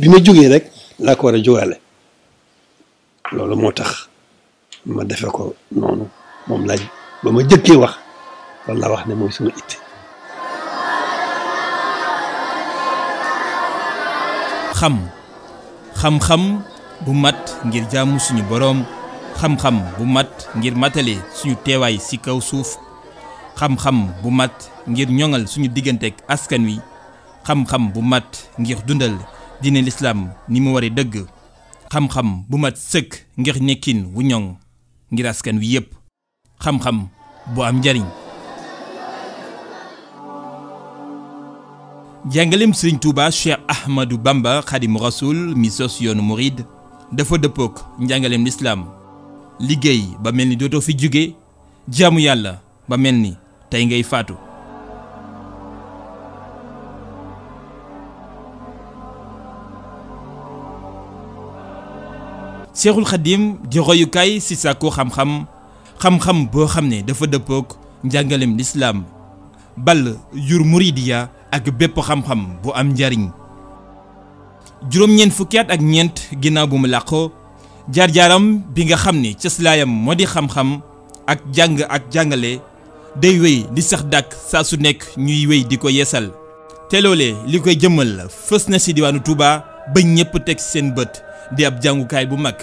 bi ma jógee rek laa ko war a jógaale loolu moo tax ma defe ko noonu moom laaj ba ma jëkkee wax loolu wax ne mooy suma it xam xam-xam bu mat ngir jaamu suñu boroom xam bu mat ngir matale suñu teewaay ci kaw suuf xam-xam bu mat ngir ñoŋal suñu digganteek askan wi xam-xam bu mat ngir dundal diine lislaam ni mu waree dëgg xam-xam bu mat sëkk ngir nekkin wu ñoŋ ngir askan wi yépp xam-xam bu am njariñ jàngaleem sëriñ Touba Cheikh Ahmadou Bamba Xadimu Rasul mi sos yoonu murid dafa dëppook njàngaleem lislaam liggéey ba mel ni dootoo fi jóge jaamu yàlla ba mel ni tey ngay faatu Cheikhul Khadim di royukaay si sàkku xam-xam xam-xam boo xam ne dafa dëppook njàngalem lislaam bal jur muridiya ak bépp xam-xam bu am njariñ juróom-ñeent fukki ak ñeent ginnaaw bu mu làqoo jaar-jaaram bi nga xam ne cëslaayam moo di xam-xam ak jàng ak jàngale day wéy di sax dàkk saa su nekk ñuy wéy di ko yeesal te li koy jëmmal la fës na si diwaanu Touba ba ñëpp teg seen bët di ab jàngukaay bu mag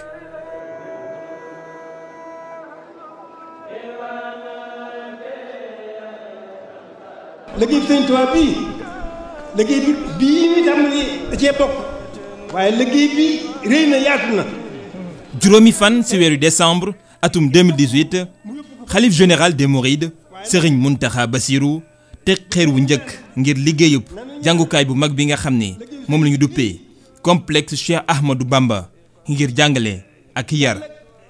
liggéey juróomi fan ci weeru décembre atum 2018 xalif général des Mourides Serigne Mountakha Bassirou teg xeer wu njëkk ngir liggéeyub jàngukaay bu mag bi nga xam ne moom la ñu complex complexe Cheikh Ahmadou Bamba ngir jàngale ak yar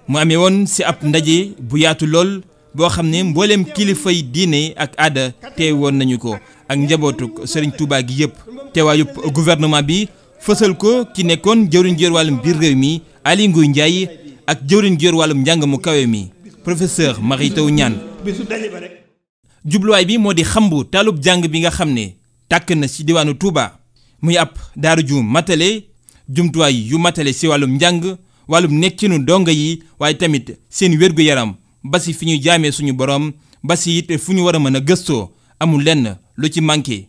mu amee woon ci ab ndaje bu yaatu lool. boo xam ne mbooleem kilifay diine ak aada woon nañu ko ak njabootuk sëriñ Touba gi yëpp teewaayub gouvernement bi fësal ko ki nekkoon jëwriñ ji yor wàllum biir réew mi Aly Ngouille Ndiaye ak jëwriñ ji yor wàllum njàng mu kawe mi professeur Mary Teuw Niane jubluwaay bi moo di xambu taalub jàng bi nga xam ne tàkk na ci diwaanu Touba muy ab daaru ju matale jumtuwaay yu matale si wàllum njàng wàllum nekkinu dongo yi waaye tamit seen wérgu yaram basi si fi ñu jaamee suñu borom ba si it fu ñu war a mën a gëstoo amul lenn lu ci manqué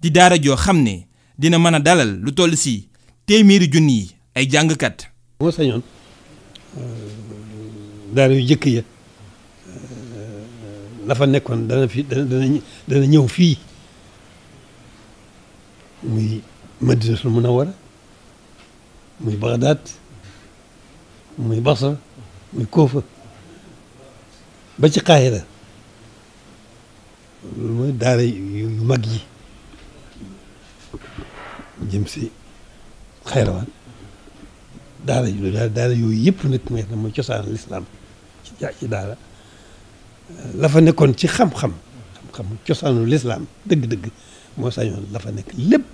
di daara joo xam ne dina mën a dalal lu toll si téeméeri junni yi ay jàngkat. moo sañoon euh, daara yu njëkk ya euh, la fa nekkoon dana fi dana ñëw fii muy Madinatul Munawwara muy Bagdaad muy Basra muy Koofa. ba ci xaayira loolu mooy daara yu mag yi jëm si xayrawaan daara yu daara yooyu yëpp nag nga xam ne mooy cosaanu lislaam ci ci daara la fa nekkoon ci xam-xam xam-xam cosaanu lislaam dëgg-dëgg moo sañoon nekk lépp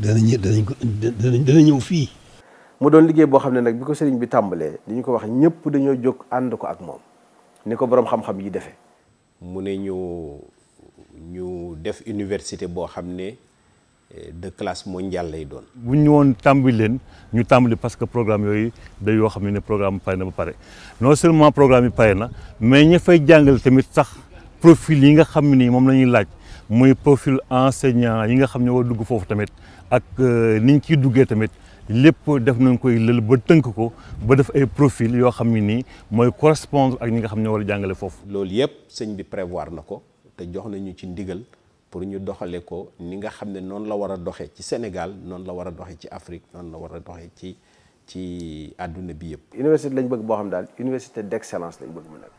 dana ñë danañ ko dana dana ñëw fii mu doon liggéey boo xam ne nag bi ko sëriñ bi tàmbalee di ñu ko wax ñëpp dañoo jóg ànd ko ak moom ni ko boroom xam-xam yi defee. mu ne ñu ñu def université boo xam ne eh, de classe mondiale lay doon. bu ñu woon tàmbali leen ñu tàmbali parce que programme yooyu day yoo xam ne programme pare na ba pare non seulement programme yi pare na mais ñu fay jàngal tamit sax profil yi nga xam ni moom lañuy ñuy laaj. muy profil enseignant yi nga xam ne war dugg foofu tamit ak euh, ni ñu ciy tamit lépp def nañ koy lël ba tënk ko ba def ay profil yoo xam ne nii mooy correspondre ak ñi nga xam ne war a jàngale foofu. loolu yëpp sëñ bi prévoir na ko te jox nañu ci ndigal pour ñu doxale ko ni nga xam ne noonu la war a doxee ci Sénégal noonu la war a doxee ci Afrique noonu la war a doxe ci ci àdduna bi yëpp. université lañ bëgg boo xam daal université d'excellence lañu bëgg mu nekk.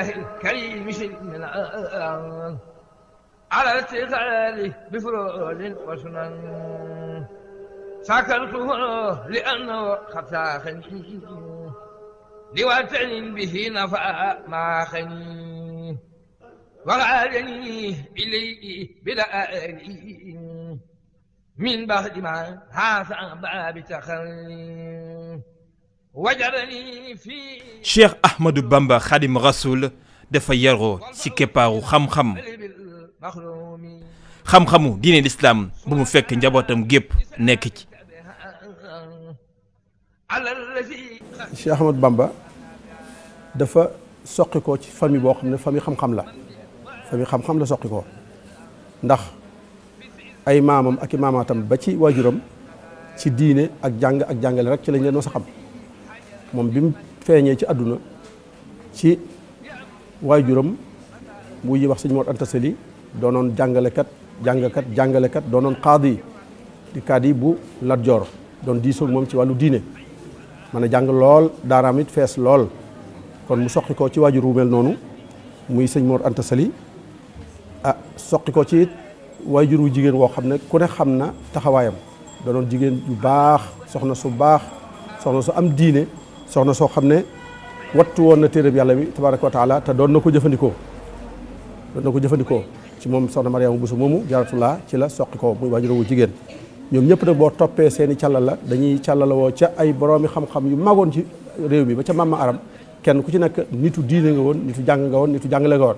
الله الكريم سيدنا على ارتقاله بفروض وسنن سكرته لأنه خفاخني لوطن به نفع ما خني وغادني إليه بلا أري من بعد ما هذا باب تخلي cheikh ahmadou bamba xadim rasul dafa yaroo ci keppaaru xam-xam xam-xamu diine lislaam bu mu fekk njabootam gépp nekk ci cheikh ahmadou bamba dafa soqi ko ci famille boo xam ne famille xam-xam la famille xam-xam la soqi ko ndax ay maamam ak i maamaatam ba ci waajuram ci diine ak jàng ak jàngale rek ci lañ leen mës a xam moom bi mu feeñee ci àdduna ci waajuram bu ñuy wax sëñ Mor Anta doonoon jàngalekat jàngkat jàngalekat doonoon xaadi di kaadi bu Lat Joor doon diisoog moom ci wàllu diine mën a jàng lool daaraam fees lool kon mu soqi ko ci waajur wu mel noonu muy sëñ Mor Anta a ah, soqi ko ci it waajur wu jigéen woo xam ne ku ne xam na taxawaayam doonoon jigéen bu baax soxna su baax soxna su am diine soxna soo xam ne wattu woon na bi yàlla bi tabaraka wa taala te doon na ko jëfandikoo doon na ko jëfandikoo ci moom soxna Mariama Bousso moomu jaratulaa ci la soqi ko muy waajur wu jigéen ñoom ñëpp nag boo toppee seeni i càllal la dañuy càllal woo ca ay boroomi xam-xam yu magoon ci réew bi ba ca mamma arab kenn ku ci nekk nitu diine nga woon nitu jàng nga woon nitu jàngale nga woon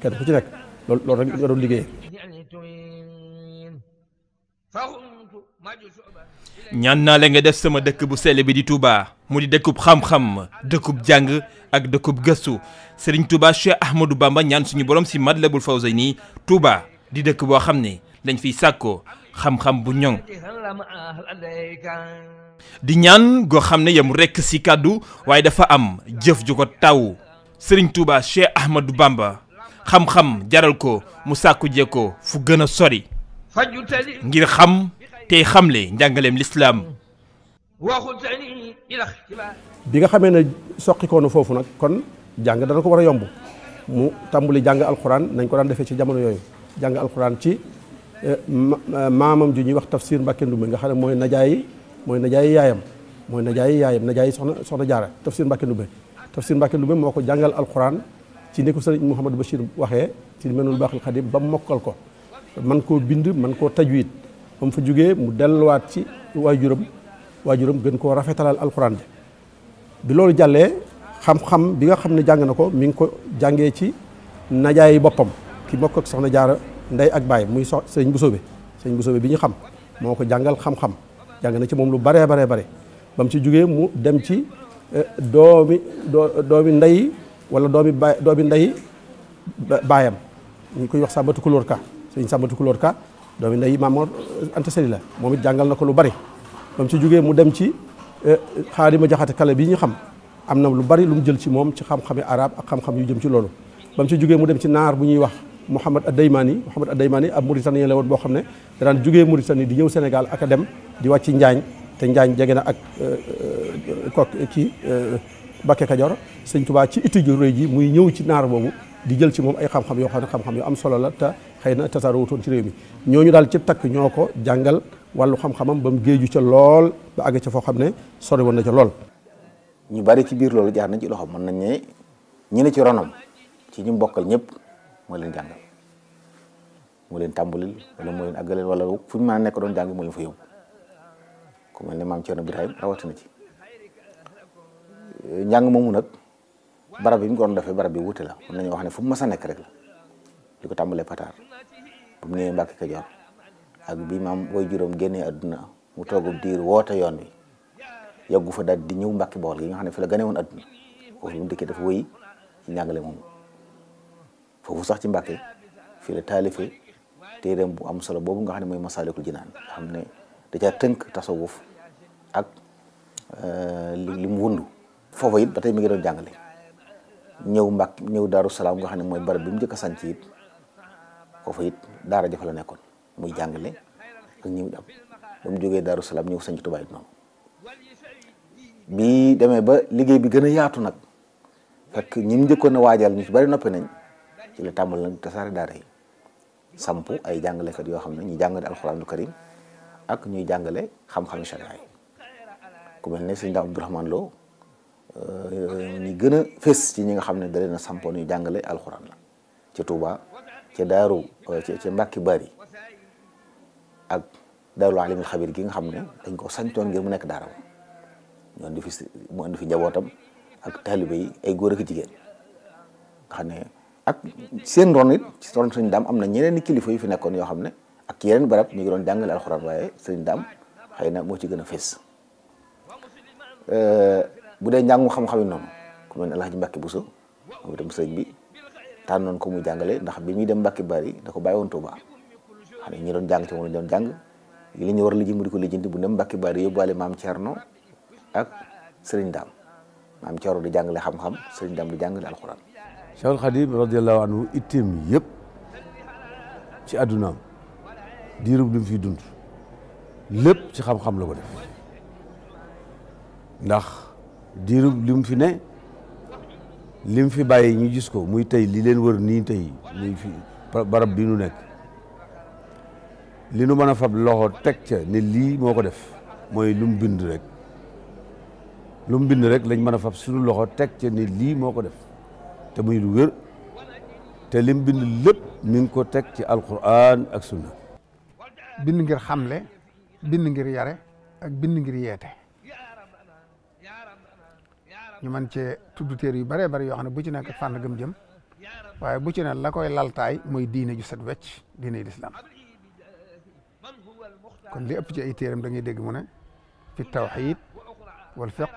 kenn ku ci nekk loolu loolu rek nga liggéey ñaan naa la nga def sama dëkk bu sell bi di Touba mu di dëkkub xam-xam dëkkub jàng ak dëkkub gëstu Serigne Touba Cheikh Ahmadou Bamba ñaan suñu borom si Matlabul Fawzayni Touba di dëkk boo xam ne dañ fiy sàkkoo xam-xam bu ñoŋ. di ñaan goo xam ne yam rekk si kàddu waaye dafa am jëf ju ko taw Touba Cheikh Ahmadou Bamba xam jaral ko mu sàkku jekkoo fu gën a sori ngir xam. tey xamle njàngaleem lislaam bi nga xamee ne soqi koonu foofu nag kon jàng dana ko war a yomb mu tàmbuli jàng alxuraan nañ ko daan defee ci jamono yooyu jàng alxuraan ci eh, maamam ju ñuy wax tafsir Mbàkke Ndumbe nga xam ne mooy najaayi mooy najaayi yaayam mooy najaayi yaayam najaayi soxna soxna jaara tafsir Mbàkke Ndumbe tafsir Mbàkke Ndumbe moo ko jàngal alxuraan ci ni ko sëriñ Mouhamadou Bachir waxee ci menul baax xadim ba mokkal ko man koo bind man koo tajwid ba mu fa jugee mu delluwaat ci waajuram waajuram gën koo rafetalal alxuraan bi loolu jàllee xam-xam bi nga xam ne jàng na ko mi ngi ko jàngee ci najaay boppam ki bokk ak soxna jaara ndey ak baay muy sox sëñ bu soobe sëñ bu soobe bi ñu xam moo ko jàngal xam-xam jàng na ci moom lu baree baree bare ba mu ci jugee mu dem ci eh, doomi doomi ndey wala doomi baay doomi ndey baayam ñu koy wax sàmbatu kulóor ka sëñ sàmbatu kulóor ka doomi nday Maam Mor euh, Anta Sali la moom it jàngal na ko lu bari bam ci jógee mu dem ci euh, Xaadima Jaxate Kala bi ñu xam am na lu bari lu mu jël ci moom ci xam-xami arab ak xam-xam yu jëm ci loolu bam ci jógee mu dem ci naar bu ñuy wax Mouhamad Addaymani Mouhamad Addaymani ab Mauritanien la woon boo xam ne daan jógee Mauritanie di ñëw senegal ak a dem di wàcc Njaañ te Njaañ jege na ak euh, kooku kii Bakke Kajoor Sëñ Tubaa ci itti ju ji muy ñëw ci naar boobu di jël ci moom ay xam-xam yoo xam ne xam yu am solo la te xëy na tasaarawutoon ci réew mi ñooñu daal ci takk ñoo ko jàngal wàllu xam-xamam ba mu géeju ca lool ba àgg ca foo xam ne sori woon na ca lool. ñu bari ci biir loolu jaar nañ ci loxo mën nañ ne ñi ne ci ronom ci ñu mbokkal ñépp moo leen jàngal moo leen tàmbalil wala moo leen wala fu ñu nekk doon jàng moo leen fa yóbbu ku mel ne maam Thierno Birahim rawatina ci njàng moomu nag. barab yi mu ko doon defee barab bi wuute la mën nañoo wax ne fu mu mës a rek la li ko tàmbalee Pataar bu mu ñëwee Mbàkke Kajoor ak bi mam way juróom génnee adduna mu toogub diir woote yoon wi yàggu fa daal di ñëw Mbàkke Bawol gi nga xam ne fi la gane woon adduna foofu bu mu dikkee dafa wëy ci njàngale moomu foofu sax fi la bu am solo boobu nga xam ne mooy Masaalikul Jinaan nga xam ne da caa tënk tasawuf ak euh, li mu wundu foofa it ba tey mi ngi doon jàngale ñëw Mbàkke ñëw Daaru Salaam nga xam ne mooy barab bi mu njëkk a sanc it foofu it daara jafa la nekkoon muy jàngale ak ñi mu am ba jógee Daaru Salaam ñëw sanc Tuubaa it noonu demee ba liggéey bi gën a yaatu nag fekk ñi njëkkoon a waajal ñu ci bari noppi nañ ci la tàmbal nag tasaare daara yi samp ay jàngalekat yoo xam ne ñuy jàngale alxuraanul karim ak ñuy jàngale xam-xam sharia yi ku mel ne sëñ Abdourahmane Lo ni euh, gën a fés ci ñi nga xam ne da leen sampoon yu jàngale alxuraan la ci Touba ci daaru euh, ci Mbàkke Bari ak daarul alimul xabir gi nga xam ne dañ ko sañtoon ngir mu nekk daara ñu andi fi mu andi fi njabootam ak taalibe yi ay góor ak jigéen nga xam ne ak seen ron it ci ron sëñ daam am na ñeneen i kilifa yu fi nekkoon yoo xam ne ak yeneen barab ñu ngi doon jàngale alxuraan waaye sëñ daam xëy na moo ci gën a fés euh, bu dee njàngu xam-xam yi noonu ku mel ne El Hadj Mbacke Bousso moom itam sëñ bi tànnoon ko mu jàngale ndax bi muy dem Mbacke Bari da ko bàyyi woon Touba xam ñi doon jàng ci moom lañ doon jàng li ñu war a lijji mu di ko lijjanti bu dem Mbacke Bari yóbbaale maam Thierno ak Serigne Dame maam Thierno di jàngale xam-xam Serigne Dame di jàngale alxuraan. Cheikhul Khadim radiyallahu anhu itteem yëpp ci addunaam diirub li mu fiy dund lépp ci xam-xam la ko def diirub li fi ne li fi bàyyi ñu gis ko muy tey li leen wër nii tey fi barab bi nu nekk li nu mën a fab loxo teg ca ne lii moo ko def mooy lu mu bind rek lu mu bind rek lañ mën a fab suñu loxo teg ca ne lii moo ko def te muy lu wér te lim bind lépp mi ngi ko teg ci alquran ak sunna bind ngir xamle bind ngir yare ak bind ngir yeete ñu man cee tudd téere yu bëree bëri yoo xam ne bu ci nekk fànn gëm jëm waaye bu ci ne la koy laltaay muy diine ju set wecc diine lislaam kon li ëpp ci ay téeram da ngay mu ne fi tawxid wal fiq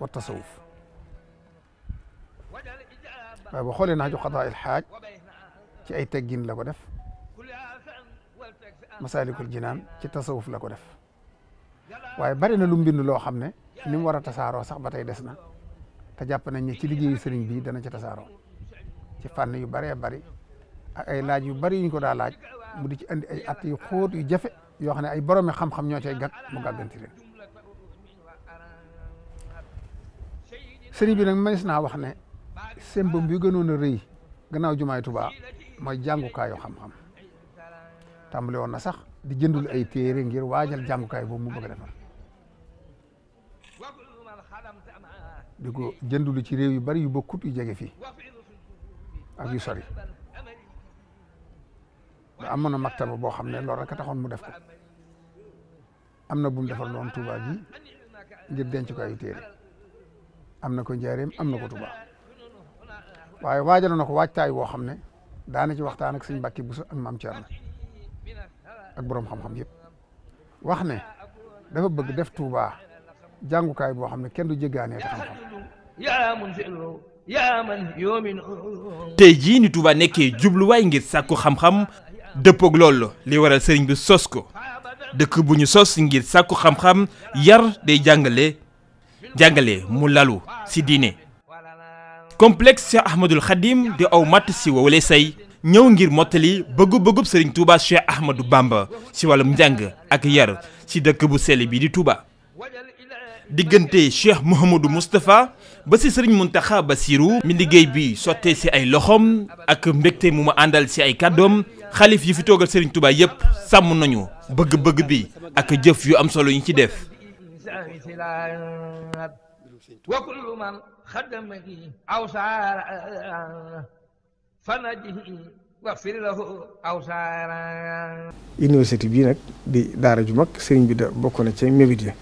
wa tasawuf waaye boo xoolee naaju xadaa il xaaj ci ay teggin la ko def masalikul jinaan ci tasawuf la ko def waaye bari na lu mbind loo xam ne ni mu war a tasaaroo sax ba tey des na te jàpp nañ ne ci liggéeyu sëriñ bi dana ci tasaaroo ci fànn yu bëree bari ay laaj yu bëri yuñ ko daa laaj mu di ci andi ay at yu xóot yu jafe yoo xam ne ay boroomi xam-xam ñoo cay gàgg mu gàgganti leen sëriñ bi nag mënees naa wax ne sembam bi gënoon a rëy gannaaw jumaay Tuubaa mooy jàngukaayu xam-xam tàmbale woon na sax di jëndul ay téere ngir waajal jàngukaay boobu mu bëgg defar di ko jëndulu ci réew yu bari yu bokkut yu jege fi ak yu sori da amoon na maktaba boo xam ne loolu rek a taxoon mu def ko am na bum mu defar loon Touba ji ngir denc ko ay am na ko njaareem am na ko Touba waaye waajal na ko waajtaay woo xam ne daana ci waxtaan ak sëñ Mbàkke Buso ak maam Cerno ak boroom xam-xam yëpp wax ne dafa bëgg def tuuba jàngukaay boo xam ne kenn du jéggaanee te xam-xam jii ni Touba nekkee jubluwaay ngir sàkku xam-xam dëppoog loolu li waral sëriñ bi sos ko dëkk bu ñu sos ngir sàkku xam-xam yar day jàngale jàngale mu lalu si diine complexe Cheikh Ahmadul Khadim di aw matt si wowale say ñëw ngir mottali bëggu-bëggub sëriñ Touba Cheikh Ahmadou Bamba si wàllum njàng ak yar ci dëkk bu sell bi di Touba diggante Cheikh Mouhamadou Moustapha ba si sëriñ Mountakha Bassirou mi liggéey bi sottee si ay loxoom ak mbégte mu ma àndal si ay kàddoom xalif yi fi toogal sëriñ Touba yépp sàmm nañu bëgg-bëgg bi ak jëf yu am solo yi ñu ci def. université bii nag di daara ju mag sëriñ bi da bokk na ci mébét yi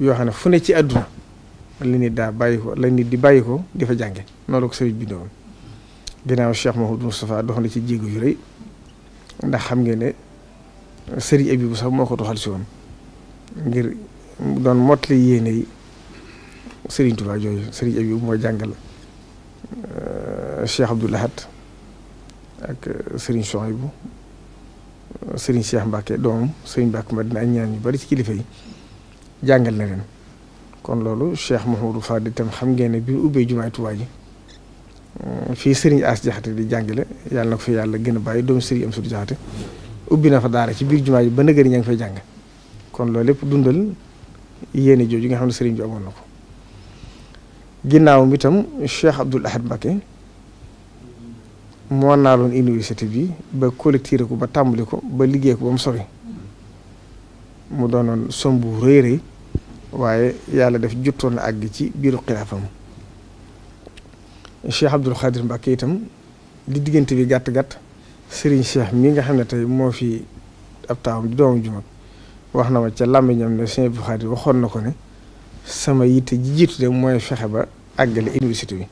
yoo xam ne fu ne ci àdduna la nit daa bàyyi ko la nit di bàyyi ko di fa jànge noonu la ko sëriñ bi doon ci jéego yu xam ngeen ne sëriñ Abibu sax woon ngir doon mottali yéene yi sëriñ Tuubaa jooju sëriñ Abibu moo jàngal euh, Cheikh ak sëriñ Souhaïbou sëriñ Cheikh Mbacke doomam sëriñ ñaan yu bari ci kilifa yi. jàngal na leen kon loolu Cheikh Mouhamadou Fadi xam ngeen ne bii ubbee jumaay Tuubaa ji euh, fii Serigne As Jaxate di jàngale yàlla na ko fi yàlla gën a bàyyi doomu Serigne am sudu Jaxate ubbi na fa daara ci biir jumaa ji ba nëgëri ña ngi fay jàng kon loolu lépp dundal yéene jooju nga xam ne Serigne bi na ko ginnaawam itam Cheikh Abdoul Ahad Mbacké moo naaloon université bi ba collecté ko ba tàmbali ko ba liggéey ko ba mu sori mu doonoon sombu rëy rëy waaye yàlla def juttoon na àgg ci biiru xilaafam Cheikh Abdoul Khadir Mbacke itam li diggante bi gàtt gàtt Serigne Cheikh mii nga xam ne tey moo fi ab taawam di doomu wax na ma ca làmmiñam ne Cheikh Abdoul Khadir waxoon na ko ne sama yitte ji jiitu de mooy fexe ba àggale université bi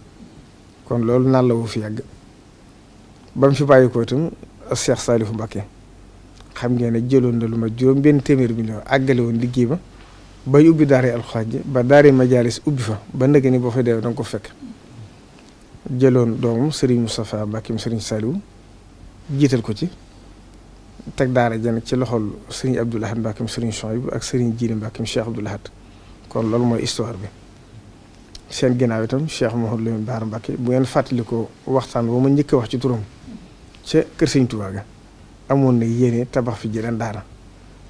kon loolu naan la wu fi yàgg ba mu fi bàyyi ko itam Cheikh Salif Mbacke xam ngeen ne jëloon na lu ma juróom benn téeméer million àggale woon liggéey ba. bay ubbi daari alxaaj ji ba daari majaalis ubbi fa ba ndege ni boo fa dee danga ko fekk jëloon doomam Serigne Moustapha Mbacke Serigne Saliou jiital ko ci teg daara jën ci loxol Serigne Abdoul Ahad Mbacke Serigne Chouaib ak sëriñ Djili Mbacke Cheikh Abdoul Ahad kon loolu mooy histoire bi seen ginnaaw itam Cheikh Mouhamadou Lamine Bara Mbacke bu ngeen fàttalikoo waxtaan ba ma njëkk a wax ci turam ca kër Serigne Touba amoon na yéene tabax fi jëleen daara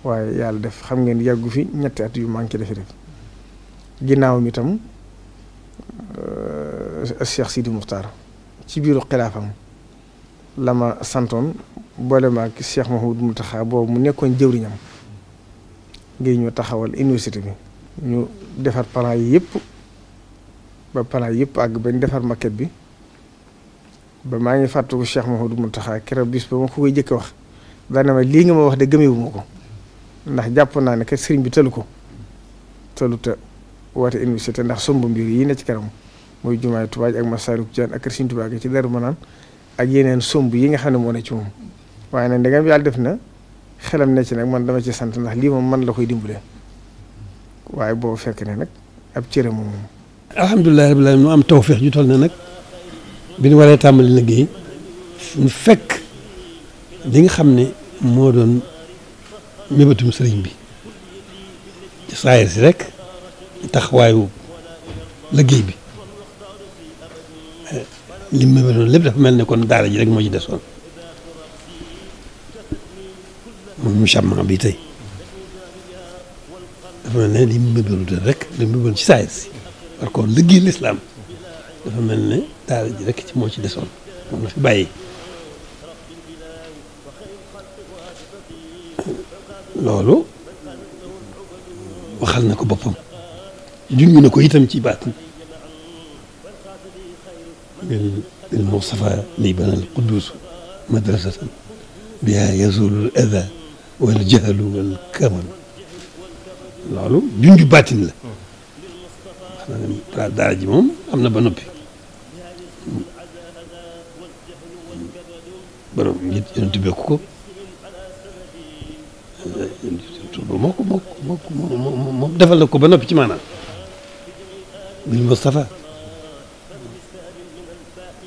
waaye yàlla def xam ngeen yàggu fi ñetti at yu manqué dafi def ginnaaw mi tam euh, Cheikh Sidi Muxtaar ci biiru xilaafam la ma santoon boole ma ak Cheikh Mahmoud Mountakha boobu mu nekkoon jëwriñam ngeen ñu taxawal université bi ñu defar plan yi yëpp ba plan yëpp àgg bañ defar maquette bi ba maa ngi fàttaliku Cheikh Mahmoud Mountakha keroog bis ba ma ko koy jëkk wax daanaka lii nga ma wax de gëmewu ma ko ndax jàpp naa ne que sëriñ bi tëlu ko tëlu te woote université ndax somb mbir yi ne ci kanam muy jumaay Tuubaa ji ak Masaaru Jaan ak kër Sëriñ Tuubaa ci Daaru Manaan ak yeneen somb yi nga xam ne moo ne ci moom waaye nag ndegam yàlla def na xelam ne ci nag man dama ci sant ndax lii moom man la koy dimbale waaye boo ne nag ab cëram moom. alhamdulilah rabbil aalamiin mu am tawféex ju toll ne nag ñu waree tàmbali liggéey ñu fekk li nga xam ne moo doon. mébatum sëriñ bi ci saayir si rek tax taxawaayu liggéey bi eh, li mu mébatoon lépp dafa mel ne kon daara ji rek moo ci desoon moom mu càmma bi tey dafa mel ne li mu mébatoon rek li mu ci saayir si par contre liggéey lislaam dafa mel ne daara ji rek ci moo ci desoon moom la fi bàyyi loolu waxal na ko boppam junj na ko itam ci baatin lil Mustafa liban al quddus madrasatan biha yazulu al ada wal jahlu wal kamal loolu junj baatin la wax na ji moom am na ba noppi borom yonent ko tur ba moo ko moo ko moo defal na ko ba noppi ci maanaam bil Mustafa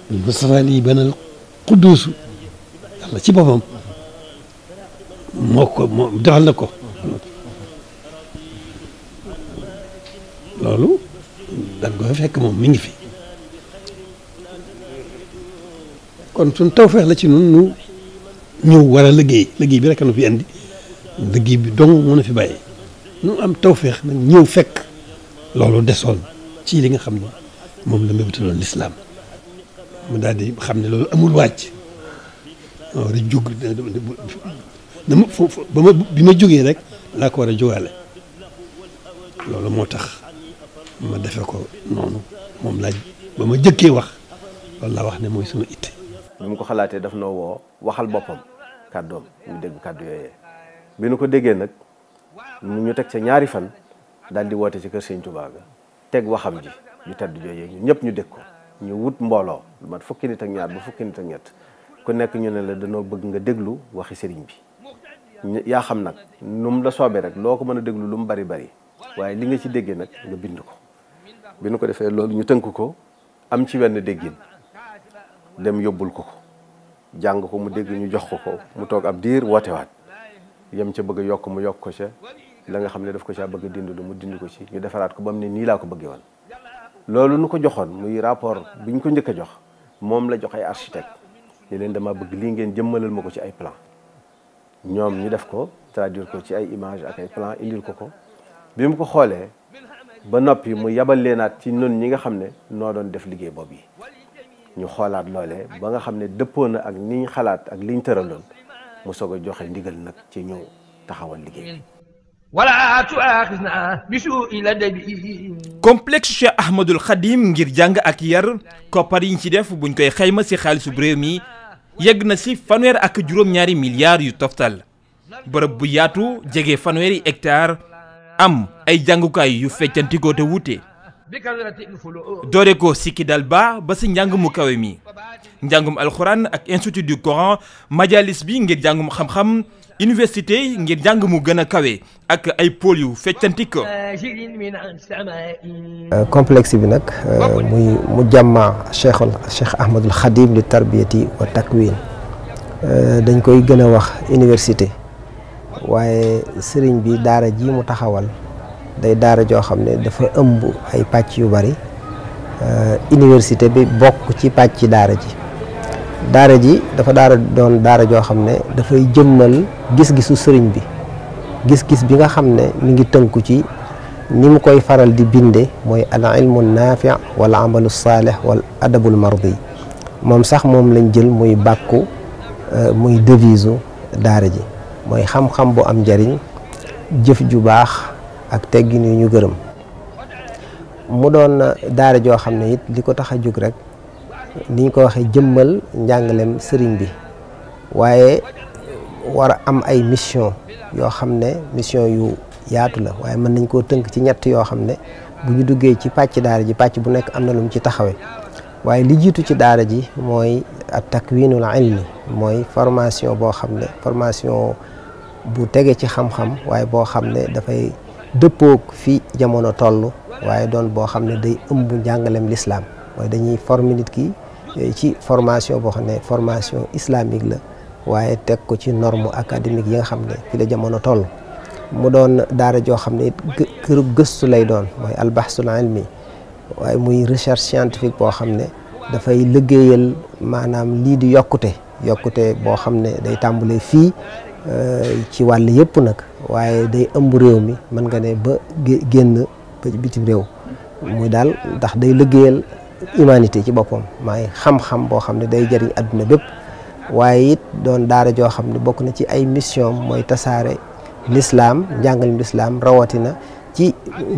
bil Mustafa lii banal qudduusu yàlla ci boppam moo ko moo defal na ko loolu dañ koy fekk moom mi ngi fi kon suñ tawfeex la ci nun nu ñëw war a liggéey liggéey bi rek nu fi andi liggéey bi dong moo a fi bàyyi nu am tawféex nag ñëw fekk loolu desoon ci li nga xam ne moom la mébétaloon lislaam mu daldi xam ne loolu amul wàcc waaw da jug dama ba ma bi ma jógee rek laa ko war a jógaale loolu moo tax ma defe ko noonu moom laaj ba ma jëkkee wax loolu laa wax ne mooy sama itte. bi mu ko xalaatee daf noo woo waxal boppam kàddoom mu dégg kàddu yooyee. bi nu ko déggee nag ñu teg ca ñaari fan daal di woote si kër Sëñ Tuubaa ga teg waxam ji ñu tedd jooyee ñu ñëpp ñu dégg ko ñu wut mbooloo lu mat fukki nit ak ñaar ba fukki nit ak ñett ko nekk ñu ne la danoo bëgg nga déglu waxi sëriñ bi yaa xam nag nu la soobee rek loo ko mën a déglu lu mu bari bari waaye li nga ci déggee nag nga bind ko bi nu ko defee loolu ñu tënk ko am ci wenn déggin dem yóbbul ko ko jàng ko mu dégg ñu jox ko ko mu toog ab diir waat yem ca bëgg yokk mu yokk ko ca la nga xam ne daf ko caa bëgg a dind mu dind ko ci ñu defaraat ko ba mu ne nii laa ko bëggee woon loolu nu ko joxoon muy rapport bu ñu ko njëkk a jox moom la jox ay architecte ne leen dama bëgg lii ngeen jëmmalal ma ko ci ay plan ñoom ñu def ko traduire ko ci ay image ak ay plan indil ko ko bi mu ko xoolee ba noppi mu yabal leenaat ci nun ñi nga xam ne noo doon def liggéey boobu yi ñu xoolaat loolee ba nga xam ne dëppoon na ak niñ xalaat ak liñ tëraloon mu soog joxe ndigal nag ci ñëw taxawal liggéey wala tuaxisna bi suu'i Ahmadul Khadim ngir jàng ak yar koppar yiñ ci def buñ koy xayma si xaalisub réew mi yegg na si fanweer ak juróom-ñaari milliards yu toftal bërëb bu yaatu jege fanweeri hectare am ay jàngukaay yu feccantikoo te wuute doore ko sikki dal ba ba si njàng mu kawe mi njàngum alxuraan ak institut du Coran majalis bi ngir jàngum xam-xam université ngir jàng mu gën a kawe ak ay pôle yu feccantik euh, complexe bi nag euh, muy mu jàmma cheikhul cheikh ahmadul xadim li tarbiyati wa takwin euh, dañ koy gën wax université waaye sëriñ bi daara ji mu taxawal day daara joo xam ne dafa ëmb ay pàcc yu bari euh, université bi bokk ci pàcc daara ji daara ji dafa daara doon daara joo xam ne dafay jëmmal gis-gisu sëriñ bi gis-gis bi nga xam ne mu ngi tënku ci ni mu koy faral di binde mooy al ilmu naafi wal amalu saalih wal moom sax moom lañ jël muy bàkku euh, muy devise daara ji mooy xam-xam bu am njariñ jëf ju baax ak teggin yu ñu gërëm mu doon daara joo xam ne it li ko tax a jóg rek ni ñu ko waxee jëmmal njàngalem sëriñ bi waaye war a am ay mission yoo xam ne mission yu yaatu la waaye mën nañ koo tënk ci ñett yoo xam ne bu ñu duggee ci pàcc daara ji pàcc bu nekk am na lum ci taxawe waaye li jiitu ci daara ji mooy ak takwinul ilmi mooy formation boo xam ne formation bu tege ci xam-xam waaye boo xam ne dafay dëppoog fi jamono toll waaye doon boo xam ne day ëmb njàngaleem lislaam mooy dañuy former nit ki eh, ci formation boo xam ne formation islamique la waaye teg ko ci norme académique yi nga xam ne fi la jamono toll mu doon daara joo xam ne kër gëstu lay doon mooy albaxsul ilmi waaye muy recherche scientifique boo xam ne dafay liggéeyal maanaam lii di yokkute yokkute boo xam ne day tàmbalee fii eh, ci wàll yëpp nag waaye day ëmb réew mi mën nga ne ba génn ba bitim réew muy daal ndax day liggéeyal humanité ci boppam maay xam-xam boo xam ne day jëriñ àdduna bépp waaye it doon daara joo xam ne bokk na ci ay mission mooy tasaare lislaam njàngalem lislaam rawatina ci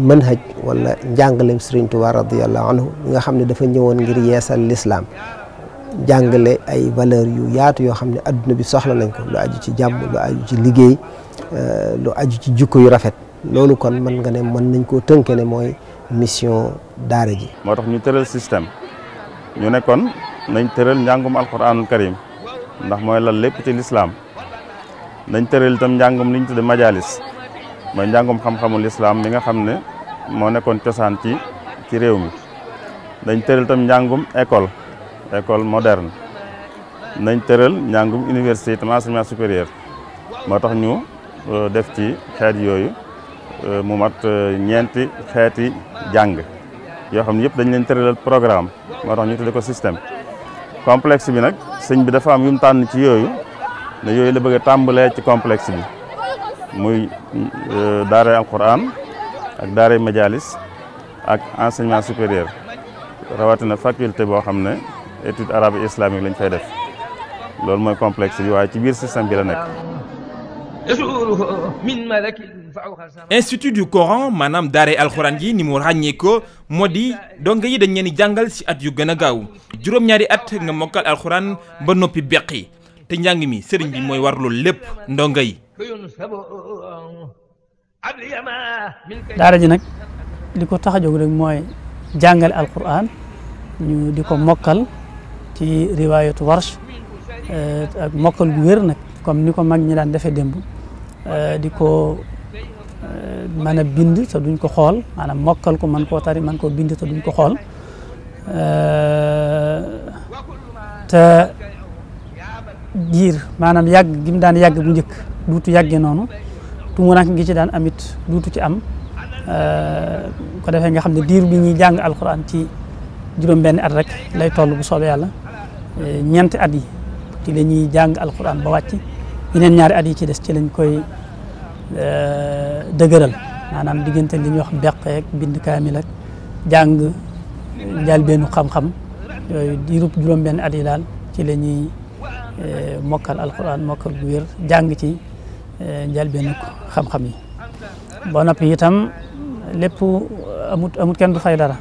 manhaj wala njàngalem Sëriñ Tuubaa radiyallahu anhu nga xam ne dafa ñëwoon ngir yeesal lislaam jàngale ay valeur yu yaatu yoo xam ne adduna bi soxla nañ ko lu aju ci jàmm lu aju ci liggéey Euh, lu aju ci jikko yu rafet loolu kon mën nga ne mën nañ koo tënke ne mooy mission daara ji moo tax ñu tëral système ñu nekkoon kon nañ tëral njàngum alquranul karim ndax mooy lan lépp ci lislaam nañ tëral itam njàngum li ñu tudde majalis mooy njàngum xam-xamu lislaam mi nga xam ne moo nekkoon cosaan ci ci réew mi dañ tëral tam njàngum école école moderne nañ tëral njàngum université tam enseignement supérieur moo tax ñu Euh, def ci xeet yooyu euh, mu mat euh, ñeenti xeeti jàng yoo xam ne yëpp dañ leen tëralal programme moo tax ñu tudde ko système complexe bi nag sëñ bi dafa am yu mu tànn ci yooyu ne yooyu la bëgg a tàmbalee ci complexe bi muy daare alquran ak daare majalis ak enseignement supérieur rawatina faculté boo xam ne étude arabe islamique lañ fay def loolu mooy complex bi waaye ci biir système bi la nekk institut du coran maanaam daare alxuraan yi ni mu ràññee ko moo di donga yi dañ leen di jàngal ci at yu gën a gaaw juróom-ñaari at nga mokkal alxuraan ba noppi beqi te njàng mi sëriñ bi mooy war lépp ndonga yi daara ji nag di ko tax a jóg rek mooy jàngal alxuraan ñu di ko mokkal ci riwaayatu warsh eh, ak mokkal gu wér nag comme ni ko mag ñi daan defee démb Euh, di ko euh, mën bind ta duñ ko xool maanaam mokkal ko man koo tari mën koo bind ta duñ ko xool euh, te jiir maanaam yàgg gi daan yàgg bu njëkk duutu yàggee noonu tumurank gi ci daan amit dutu ci am ko defe nga xam ne diir bi ñuy jàng alxuraan ci juróom benn at rek lay toll bu soobee yàlla ñeenti at yi ci la ñuy jàng alxuraan ba wàcc yeneen ñaari at yi ci des ci lañ koy euh, dëgëral maanaam diggante li ñuy wax beqeek bind kaamil ak jàng njëlbéenu xam-xam yooyu juróom-benn at yi daal ci la ñuy euh, mokkal alquran mokkal bu wér jàng ci euh, njëlbéenu xam-xam yi ba noppi itam lépp amut amut kenn du fay dara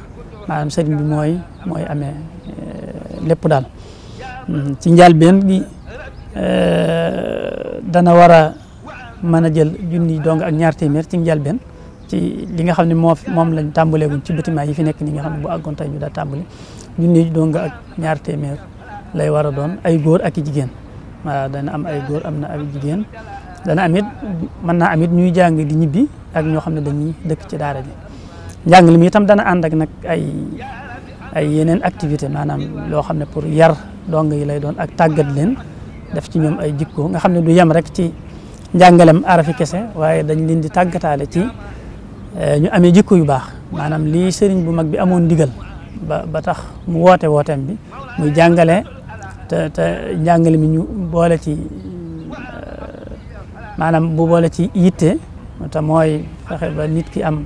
maanaam bi mooy mooy amee lépp daal hmm, ci njëlbéen gi Euh, dana war a mën a jël junni dong ak ñaar téeméer ci njëlbeen ci li nga xam ne moo moom lañ tàmbaleeguñ ci bâtiment yi fi nekk ni nga xam ne bu àggoon tey ñu daa tàmbali junni dong ak ñaar téeméer lay war a doon ay góor ak i jigéen waaw dana am ay góor am na ay jigéen dana am it mën naa am it ñuy jàng di ñibbi ak ñoo xam ne dañuy dëkk ci daara ji njàng li mi itam dana ànd ak nag ay ay yeneen activité maanaam loo xam ne pour yar dong yi lay doon ak tàggat leen def ci ñoom ay jikko nga xam ne du yem rek ci njàngalem arafi kese waaye dañ leen di tàggataale ci eh, ñu amee jikko yu baax maanaam lii sëriñ bu mag bi amoon ndigal ba ba tax mu woote wooteem bi muy jàngale te te njàngale mi ñu boole ci eh, maanaam bu boole ci yitte te mooy fexe ba nit ki am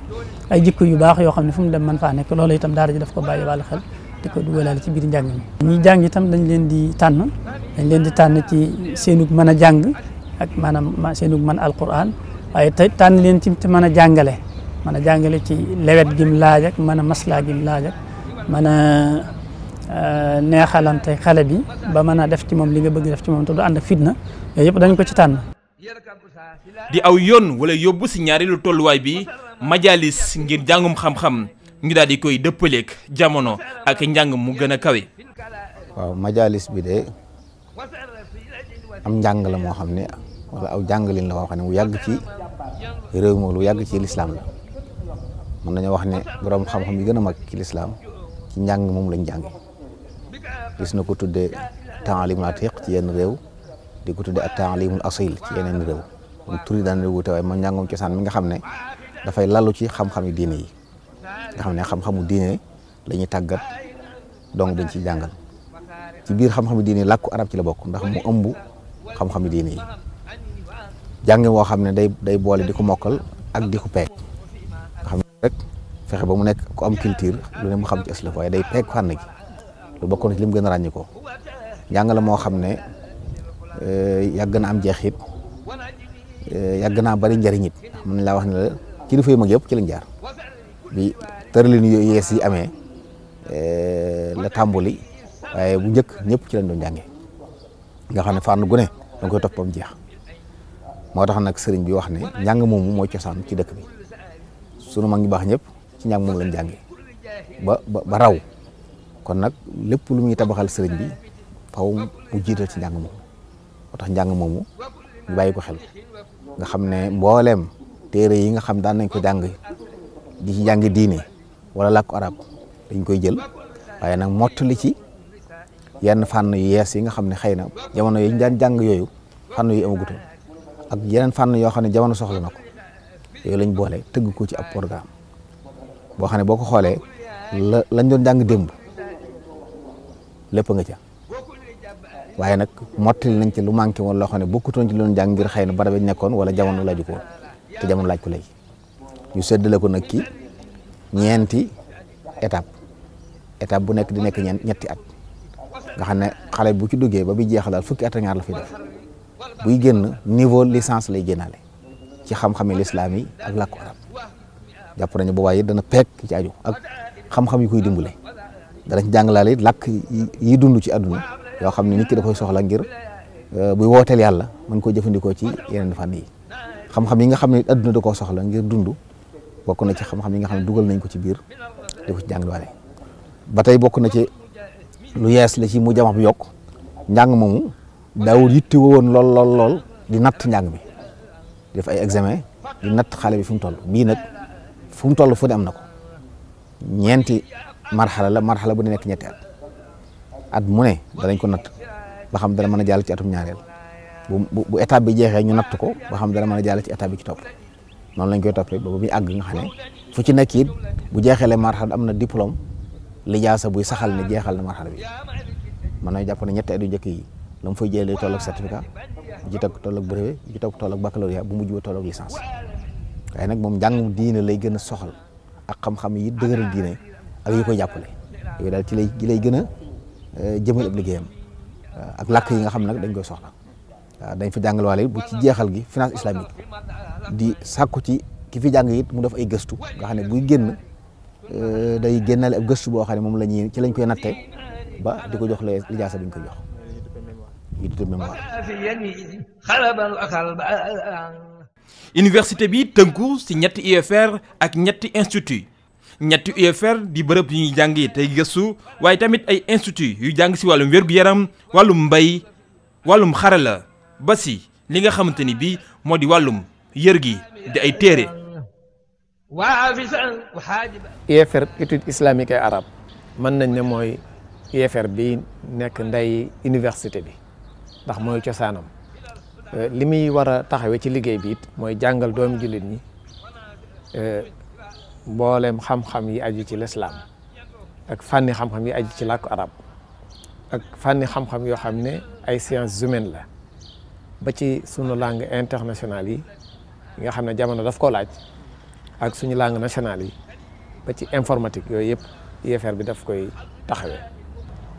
ay jikko yu baax yoo xam ne fu mu dem mën nekk loolu itam daara ji daf ko bàyyi wàll xel di ko dugalaale ci biir njàng mi. ñi jàng itam dañ leen di tànn dañ leen di tànn ci seenu mën a jàng ak maanaam seenug mën alquran waaye te tànn leen ci mën a jàngale man a jàngale ci lewet gim laaj ak mën a maslaa gim laaj ak mën a euh, te xale bi ba mën a def ci moom li nga bëgg def ci moom te du ànd ak fitna yooyu yëpp dañ ko ci tànn. di aw yoon walla yóbbu si ñaareelu tolluwaay bi majalis ngir jàngum xam-xam. ñu daal di koy dëppaleek jamono ak njàng mu gën a kawe. waaw majalis bi de am njàng la moo xam ne aw jàngalin la woo xam ne bu yàgg ci réew mi lu yàgg ci lislaam la mën nañoo wax ne borom xam-xam gën a mag ci ci njàng moom lañ jàng gis na ko tuddee taalimul atiq ci yenn réew di ko tuddee ak taalimul asil ci yeneen réew kon tur yi daan wute waaye moom cosaan mi nga xam ne dafay lalu ci xam-xam yi diine yi. xam ne xam-xamu diine lañuy ñuy donc dañ ciy jàngal ci biir xam-xamu diine làkku arab ci la bokk ndax mu ëmb xam-xamu diine yi jànge woo xam ne day day boole di ko mokkal ak di ko rek fexe ba mu nekk ku am culture lu mu xam ci islam waaye day peeg fànn gi lu bokkoon ci li gën a ràññi ko moo xam ne eh, yàgg na am jeexit eh, yàgg naa bari njariñ it mën laa wax ne la kilifa yu mag yëpp ci lañ jaar tëralin yu yees yi amee e, la tàmbali waaye bu njëkk ñëpp ci lañ doon jànge nga xam ne fànn gune ne da koy jeex moo tax nag sëriñ bi wax ne njàng moomu mooy cosaan ci dëkk bi sunu ma ngi baax ñëpp ci njàng moomu lañ jànge ba ba raw kon nag lépp lu muy tabaxal sëriñ bi faw jiital ci njàng moomu moo tax njàng moomu bàyyi ko xel nga xam ne mbooleem téere yi nga xam daan nañ ko jàng di ci jàng diine wala làkku arab dañ koy jël waaye nag mottali ci yenn fànn yu yi nga xam ne xëy na jamono yi ñu daan yooyu fànn yu amagutoon ak yeneen fànn yoo xam ne jamono soxla na ko yooyu lañ boole tëgg ko ci ab programme boo xam ne boo ko xoolee la lañ doon jàng démb lépp nga ca waaye nag mottali nañ ci lu manqué woon loo xam ne bokkutoon ci loon jàng ngir xëy na barab yi nekkoon wala jamono laaju ko te jamono laaj ko léegi ñu séddale ko nag ki ñeenti étape étape bu nekk di nekk ñeent ñetti at nga xam ne xale bu ci duggee ba bi jeexalaal fukki at ak ñaar la fi def buy génn niveau licence lay génnaale ci xam-xami lislaam yi ak làkku jàpp nañu boobaa yi dana peek ci aju ak xam-xam yi koy dimbale danañ jàngalaale it làkk yi dund ci àdduna yoo xam ne nit ki da soxla ngir euh, buy wooteel yàlla mën koo jëfandikoo ci yeneen fànn yi xam-xam yi nga xam ne àdduna da koo soxla ngir dund bokk na ci xam-xam yi nga xam ne dugal nañ ko ci biir di ko ci jàngwaale ba tey bokk na ci lu yees la ci mu jamax bi yokk njàng moomu daawul yitte woon lool lool lool di natt njàng mi def ay examen di natt xale bi fu mu toll bii nag fu mu toll fu am na ko ñeenti marxala la marxala bu ne nekk ñetti at mu ne danañ ko natt ba xam dana mën a jàll ci atum ñaareel bu bu bi jeexee ñu natt ko ba xam dana mën a jàll ci étape bi ci topp noonu lañ koy toppee ba bu ñu àgg nga xam ne fu ci nekk it bu jeexalee marxal am na diplôme lijaasa buy saxal ne jeexal na marxal bi man nañu jàpp ne ñetti at yu njëkk yi la mu fay jëlee toll ak certificat bu ci topp toll ak brevet bu bu mujj ba toll ak licence waaye nag moom njàngum diine lay gën a soxal ak xam-xam yi dëgëral diine ak yi koy jàppale yooyu daal ci lay ci lay gën a euh, jëmal ab liggéeyam ak làkk yi nga xam nag dañ koy soxla dañ fi jàngal bu ci jeexal gi finance islamique di sàkku ci ki fi jàng it mu def ay gëstu nga xam ne buy génn euh, day génnale ab gëstu boo xam ne moom la ñuy ci lañ koy natte ba di ko jox la lijaasa bi ñu koy jox yitte mémoire université bi ci ñetti UFR ak ñetti institut ñetti UFR di bërëb yu ñuy jàng tey gëstu waaye tamit ay institut yu jàng ci wàllum wér-gu-yaram wàllum mbay wàllum xarala ba si li nga xamante ni bii moo di wàllum yër gi di ay téere IFR étude islamique et arabe mën nañ ne mooy IFR bi nekk ndey université bi ndax mooy cosaanam euh, li muy war a taxawee ci liggéey bi it mooy jàngal doomi jullit ñi euh, mboolem xam-xam yi aju ci lislaam ak fànni xam-xam yi aju ci làkku arab ak fànni xam-xam yoo xam ne ay sciences humaines la ba ci sunu langue internationale yi nga xam ne jamono daf ko laaj ak suñu langue nationale yi ba ci informatique yooyu yëpp UFR bi daf koy taxawee.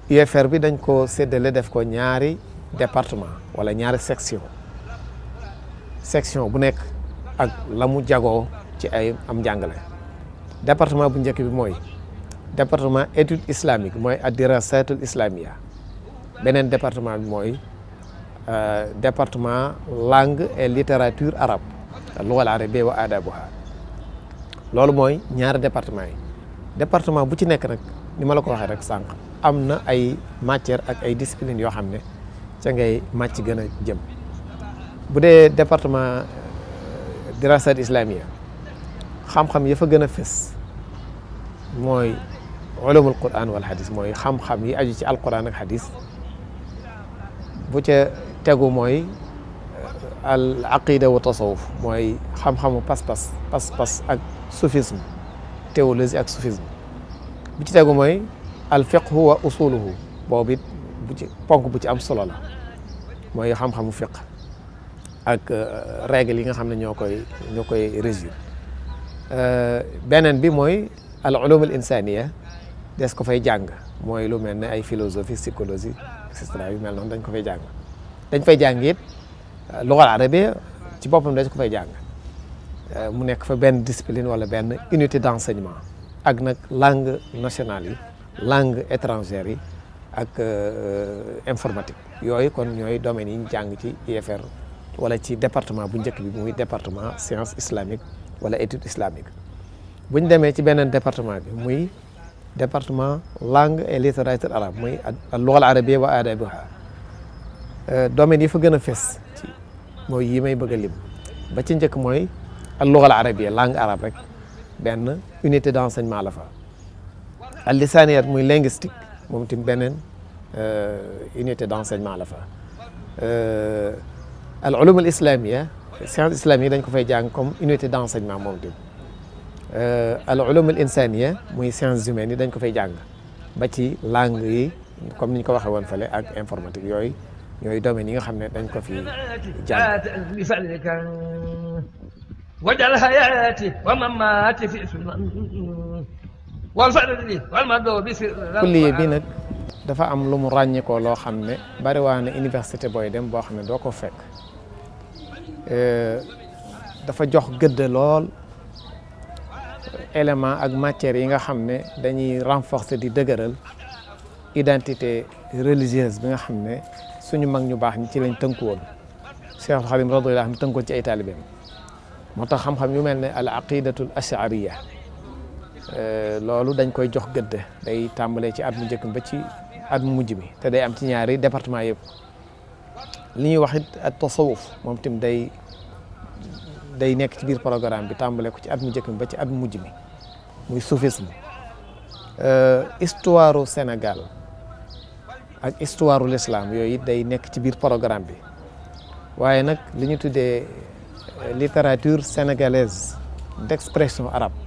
UFR bi dañ koo séddale def ko ñaari département wala ñaari section section bu nekk ak la mu jagoo ci ay am njàngale département bu njëkk bi mooy département étude islamique mooy ad-dirasatul islamia beneen département bi mooy. Euh, département langue et littérature arabe lugal arabiyya wa adabuha loolu mooy ñaari département yi département bu ci nekk nag ni ma la ko waxee rek sànq am na ay matière ak ay discipline yoo xam ne ca ngay màcc gën a jëm bu dee département euh, dirasat islamia xam-xam ya fa gën a fës mooy ulumul quran wal hadis mooy yi aju ci alquran ak hadis bu ca tegu mooy euh, al aqida wa tasawuf mooy xam-xamu pas-pas pas-pas ak soufisme théologie ak soufisme bi ci tegu mooy al fiqhu wa usuluhu boobu ci ponk bu ci am solo la mooy xam-xamu fiq ak euh, règle yi nga xam ne ñoo koy ñoo koy régir euh, beneen bi mooy al ulum al insaniya des ko fay jàng mooy lu mel ne ay philosophie psychologie et cetera yu mel noonu dañ ko fay jàng dañ fay jàng it euh, lugal arabe ci boppam dañ ko fay jàng euh, mu nekk fa benn discipline wala benn unité d'enseignement ak nag langue nationale yi langue étrangère yi ak euh, informatique yooyu kon ñooy domaines yi ñu jàng ci IFR wala ci département bu njëkk bi muy département science islamique wala étude islamique bu ñu demee ci beneen département bi muy département langue et littérature arabe muy al lugal arabiya wa adabiha Euh, domaines yi fa gën a fees mooy yi may bëgg a lim ba ci njëkk mooy al lugha al arabiyya langue arabe rek benn unité d'enseignement la fa al lisaaniyat muy linguistique moom tim beneen euh, unité d'enseignement la fa euh, al ulum al islamiyya science islamique dañ ko fay jàng comme unité d'enseignement moom tim al ulum al insaniya muy sciences humaines yi dañ ko fay jàng ba ci langue yi comme ni ñu ko waxee woon fale ak informatique yooyu ñooy domaine yi nga xam ne dañ ko fi jàng bi nag dafa am lu mu ràññikoo loo xam ne bari waa na université booy dem boo xam ne doo ko fekk dafa jox gëdd lool élément ak matière yi nga xam ne dañuy renforcer di dëgëral identité religieuse bi nga xam ne suñu mag ñu baax ñi ci lañ tënku woon Seexul Xadim radiyallaahu anhu tënkoon ci ay taalibeem moo tax xam-xam yu mel ne al aqidatul ashariya euh, loolu dañ koy jox gëdd day tàmbalee ci at mu njëkk ba ci at mu mujj bi te day am ci ñaari département yëpp li ñuy wax it at moom tim day day nekk ci biir programme bi tàmbalee ko ci at mu njëkk bi ba ci at mu mujj bi muy soufisme euh, histoire Sénégal ak histoire u l'islam yooyu it day nekk ci biir programme bi waaye nag li ñu tuddee euh, littérature sénégalaise d'expression arabe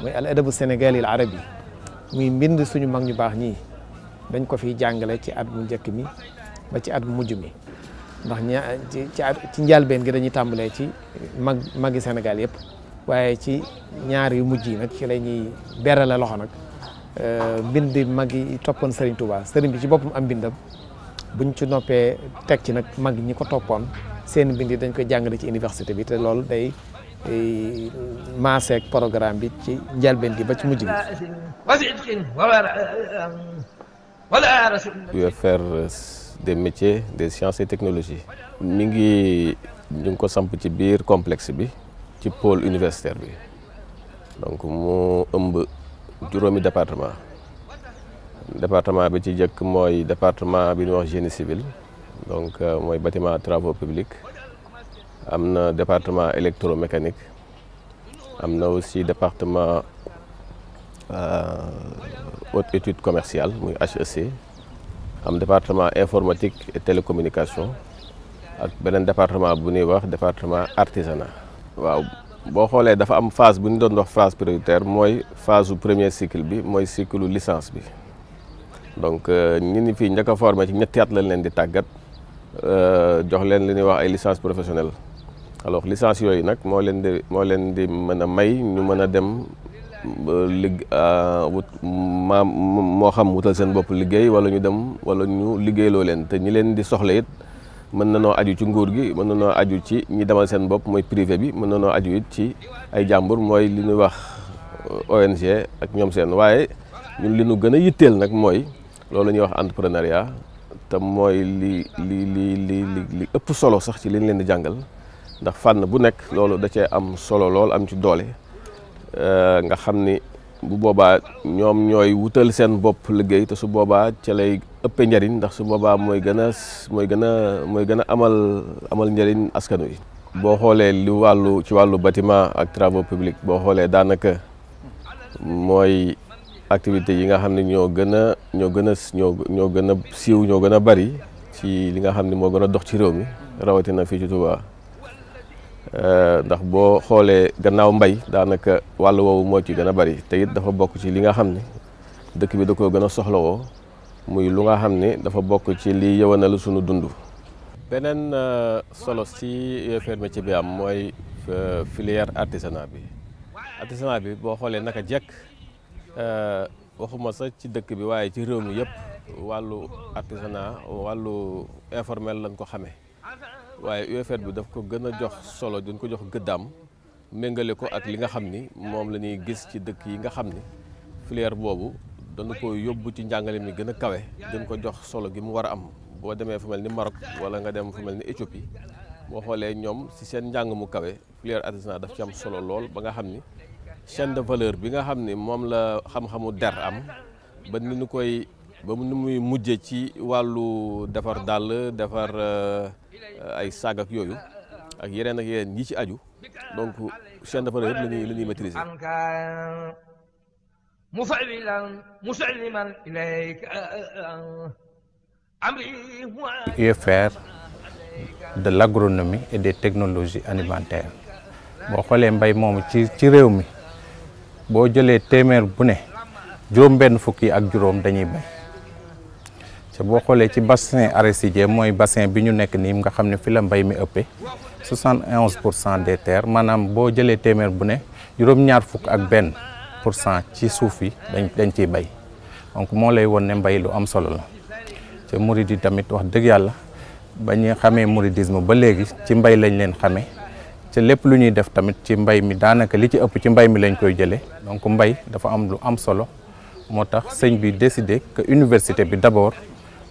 muy al adabu sénégali al arabi muy mbind suñu mag ñu baax ñii dañ ko fiy jàngale ci at mu njëkk mi ba ci at mu mujj mi ndax ña ci ci njàlbeen gi dañuy tàmbalee ci mag magi Sénégal yëpp waaye ci ñaar yu mujj yi nag ci la ñuy berale loxo nag Euh, bind mag yi toppoon Serigne Touba sëriñ bi ci boppam am bindam ñu ci noppee teg ci nag mag ñi ko toppoon seen bind yi dañ koy jàngale ci université bi te loolu day maaseeg programme bi ci njalbeen gi ba ci mujj bi. UFR euh, des métiers des sciences et technologies. mi ngi ñu ngi ko samp ci biir complexe bi ci pôle universitaire bi donc mu ëmb. juróomi département département bi ci njëkk mooy département bi ñuy wax génie civil donc euh, mooy batiment travaux publics am na département mécanique am na aussi département euh, haute étude commerciale muy HEC am département informatique et télécommunication ak beneen département bu ñuy wax département artisanat waaw boo xoolee dafa am phase bu ñu doon wax phase prioritaire mooy phase su premier cycle bi mooy cycle lu licence bi donc euh, ñi ni fii njëkk a formé ci ñetti at lañ leen di tàggat euh, jox leen li ñuy wax ay licence professionnelle alors licence yooyu nag moo leen di moo leen di mën a may ñu mën a dem euh, lig wut moo xam wutal seen bopp liggéey wala ñu dem wala ñu liggéeyloo leen te ñi leen di soxla it. mën na noo aju ci nguur gi mën na noo aju ci ñi demal seen bopp mooy privé bi mën na noo aju ci ay jàmbur mooy li ñuy wax euh, ONG ak ñoom seen waaye ñun li nu gën a yitteel nag mooy loolu la ñuy wax entrepreneuriat te mooy li li li li ëpp solo sax ci li ñu leen di jàngal ndax fànn bu nekk loolu da cee am solo lool am ci doole euh, nga xam ni bu boobaa ñoom ñooy wutal seen bopp liggéey te su boobaa ca lay ëpp njariñ ndax su boobaa mooy gën a mooy gën a mooy gën a amal amal njariñ askan wi. boo xoolee li wàllu ci wàllu bâtiment ak travaux publics boo xoolee daanaka mooy activité yi nga xam ne ñoo gën a ñoo gën a ñoo ñoo gën a siiw ñoo gën a bari ci li nga xam ne moo gën a dox ci réew mi rawatina fii ci Touba euh, ndax boo xoolee gannaaw mbay daanaka wàll woowu moo ci gën a bari te it dafa bokk ci li nga xam ne dëkk bi da koo gën a soxlawoo. muy lu nga xam ne dafa bokk ci li yëwanal sunu dund. beneen euh, solo si ferme ci bi am mooy euh, filière artisanat bi artisanat bi boo xoolee naka jekk euh, waxuma sax ci dëkk bi waaye ci réew mi yëpp wàllu artisanat wàllu informel lañ ko xamee waaye UFR bi daf ko gën a jox solo duñ ko jox gëddaam méngale ko ak li nga xam ni moom lañuy gis ci dëkk yi nga xam ni filière boobu. dañu ko yóbbu ci njàngale mi gën a kawe gën ko jox solo gi mu war a am boo demee fu mel ni Maroc wala nga dem fu mel ni Éthiopie boo xoolee ñoom si seen njàng mu kawe filière artisanat daf ci am solo lool ba nga xam ni chaine de valeur bi nga xam ni moom la xam-xamu der am ba ni nu koy ba ni muy mujje ci wàllu defar dàll defar euh, ay sag ak yooyu ak yeneen ak yeneen yi ci aju donc chaîne de valeur yëpp la ñuy la UFR de l'agronomie et des technologies alimentaires boo xoolee mbay moom ci ci réew mi boo jëlee téeméer bu ne juróom-benn fukki ak juróom dañuy bay te boo xoolee ci bassin arachidier mooy bassin bi ñu nekk nii nga xam ne fi la mbay mi ëppee 71 pour maanaam boo jëlee téeméer bu ne juróom-ñaar fukk ak benn. pour ci suuf yi dañ dañ ciy bay donc moo lay woon ne mbay lu am solo la te moridi tamit wax dëgg yàlla ba ñu xamee mouridisme ba léegi ci mbay lañ leen xame te lépp lu ñuy def tamit ci mbay mi daanaka li ci ëpp ci mbay mi lañ koy jëlee donc mbay dafa am lu am solo moo tax sëñ bi décidé que université bi d'abord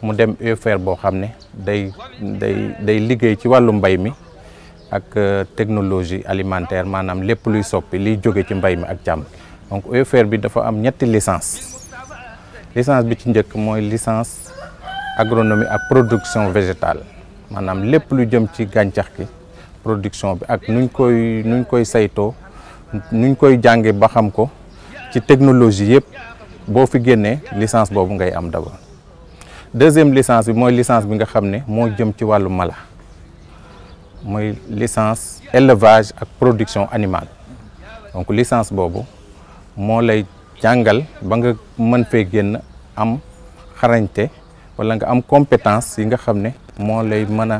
mu dem UFR boo xam ne day day day liggéey ci wàllu mbay mi ak euh, technologie alimentaire maanaam lépp luy soppi liy jóge ci mbay mi ak càmm donc OFR e bi dafa am ñetti licence licence bi ci njëkk mooy licence agronomie ak production végétale maanaam lépp lu jëm ci gàncax gi production bi ak nuñ koy nuñ koy saytoo nuñ koy jànge ba xam ko ci technologie yëpp boo fi génnee licence boobu ngay am daba deuxième licence bi mooy licence bi nga xam ne moo jëm ci wàllu mala mooy licence élevage ak production animale donc licence boobu moo lay jàngal ba nga man fee génn am xarañte wala nga am compétence yi nga xam ne moo lay mën a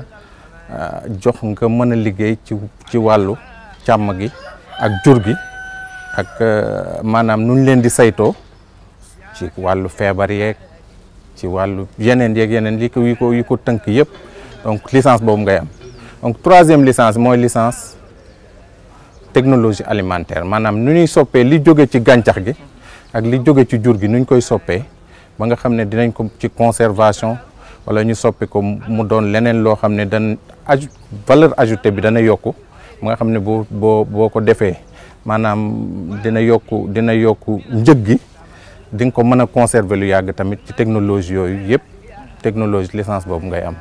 euh, jox nga mën a liggéey ci ci wàllu càmm gi ak jur gi ak euh, maanaam nu leen di saytoo ci wàllu feebar yeeg ci wàllu yeneen yeeg yeneen li ko yi ko tënk yëpp donc licence boobu ngay am donc troisième licence mooy licence technologie alimentaire maanaam nu ñuy soppee li jóge ci gàncax gi ak li jóge ci jur gi nu ñu koy soppee ba nga xam ne dinañ ko ci conservation wala ñu soppi ko mu doon leneen loo xam ne dan aju valeur ajoutée bi dana yokku ba nga xam ne boo boo boo ko defee maanaam dina yokku dina yokku njëg gi di nga ko mën a conserver lu yàgg tamit ci technologie yooyu yëpp technologie licence boobu ngay am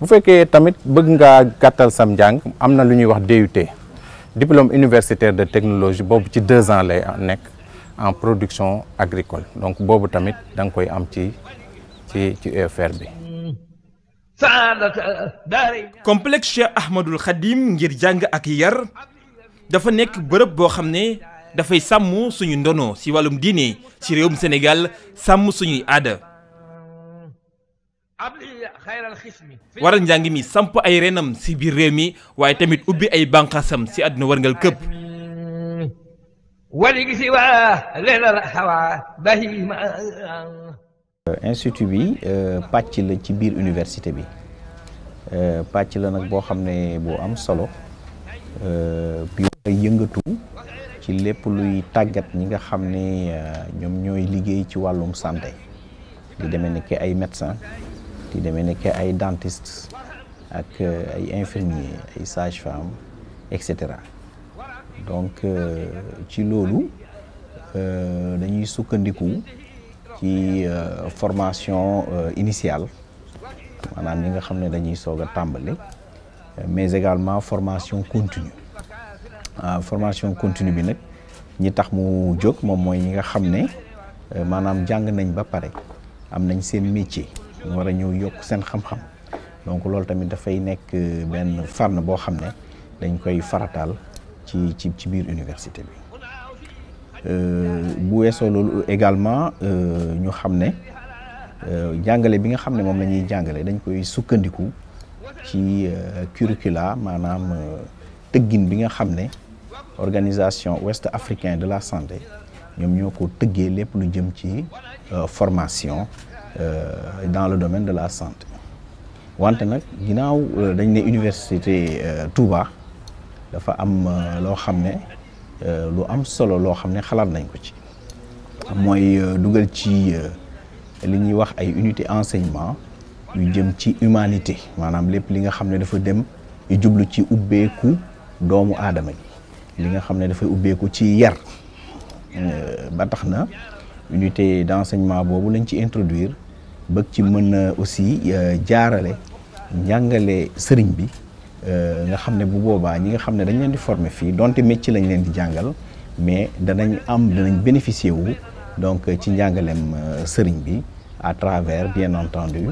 bu fekkee tamit bëgg ngaa gàttal sam njàng am na lu ñuy wax DUT diplôme universitaire de technologie boobu ci deux ans lay nekk en production agricole donc boobu tamit da nga koy am ci ci ci UFR e bi. complex Cheikh Ahmadul Khadim ngir jàng ak yar dafa nekk bërëb boo xam ne dafay sàmm suñu ndono si wàllum diine ci réewum Sénégal sàmm suñuy aada. waral njàng mi samp ay reenam si biir réew mi waaye tamit ubbi ay bànqaasam si àdduna warngal këpp institut bi euh, pàcc la ci biir université bi euh, pàcc la nag boo xam ne boo am solo euh, bi war a ci lépp luy tàggat ñi nga xam ne ñoom ñooy liggéey ci wàllum santé di demee ni ki ay médecin di demee nekk ay dentiste ak euh, ay infirmier ay sage femme et cetera donc euh, ci loolu euh, dañuy sukkandiku ci formation initiale maanaam ñi nga xam ne dañuy soog a tàmbali mais également formation continue ah, formation continue bi nag ñi tax mu jóg moom mooy ñi nga xam ne maanaam jàng nañ ba pare am nañ seen métier ñu ñëw yokk seen xam-xam donc loolu tamit dafay nekk euh, benn fànn boo xam ne dañ koy farataal ci ci ci biir université bi euh, bu weesoo loolu également euh, ñu xam ne jàngale bi nga xam ne moom la ñuy jàngale dañ koy sukkandiku ci curricula maanaam tëggin bi nga xam ne organisation west africain de la santé ñoom ñoo ko tëggee lépp lu jëm ci formation Euh, dans le domaine de la santé wante nag ginnaaw euh, dañ ne université euh, Touba dafa am loo xam ne lu am solo loo xam ne xalaat nañ ko ci mooy dugal ci li ñuy wax ay unité enseignement yu jëm ci humanité maanaam lépp li nga xam ne dafa dem jublu ci ubbeeku doomu aadama yi li nga xam ne dafay ubbeeku ci yar ba tax na unité d'enseignement boobu lañ ci introduire bëgg ci mën a aussi euh, jaarale njàngale sëriñ bi euh, nga xam ne bu boobaa ñi nga xam ne dañ leen di former fii donte métier lañ leen di jàngal mais danañ am danañ bénéficier wu donc ci njàngaleem euh, sëriñ bi à travers bien entendu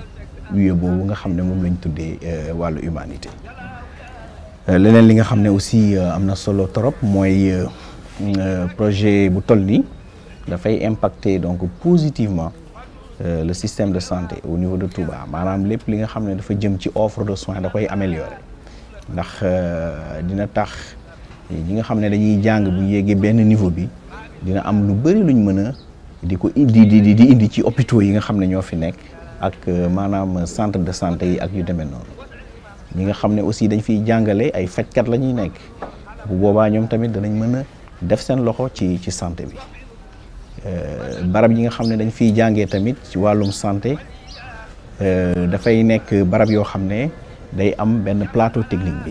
UE boobu nga xam ne moom lañ tuddee wàllu humanité leneen li nga xam ne aussi am na solo trop mooy projet bu toll nii dafay impacter donc positivement Euh, le système de santé au niveau de Touba maanaam lépp li nga xam ne dafa jëm ci offre de soins da koy améliorer ndax euh, dina tax ñi nga xam ne dañuy jàng bu yéegee benn niveau bi dina am lu bëri luñ mën a di ko indi di di indi ci hôpitaux yi nga xam ne ñoo fi nekk ak euh, maanaam centre de santé yi ak yu demee noonu ñi nga xam ne aussi dañ fiy jàngale ay fajkat la ñuy nekk bu boobaa ñoom tamit danañ mën a def seen loxo ci ci santé bi Euh, barab yi nga xam ne dañ fiy jàngee tamit ci wàllum santé euh, dafay nekk barab yoo xam ne day am benn plateau technique bi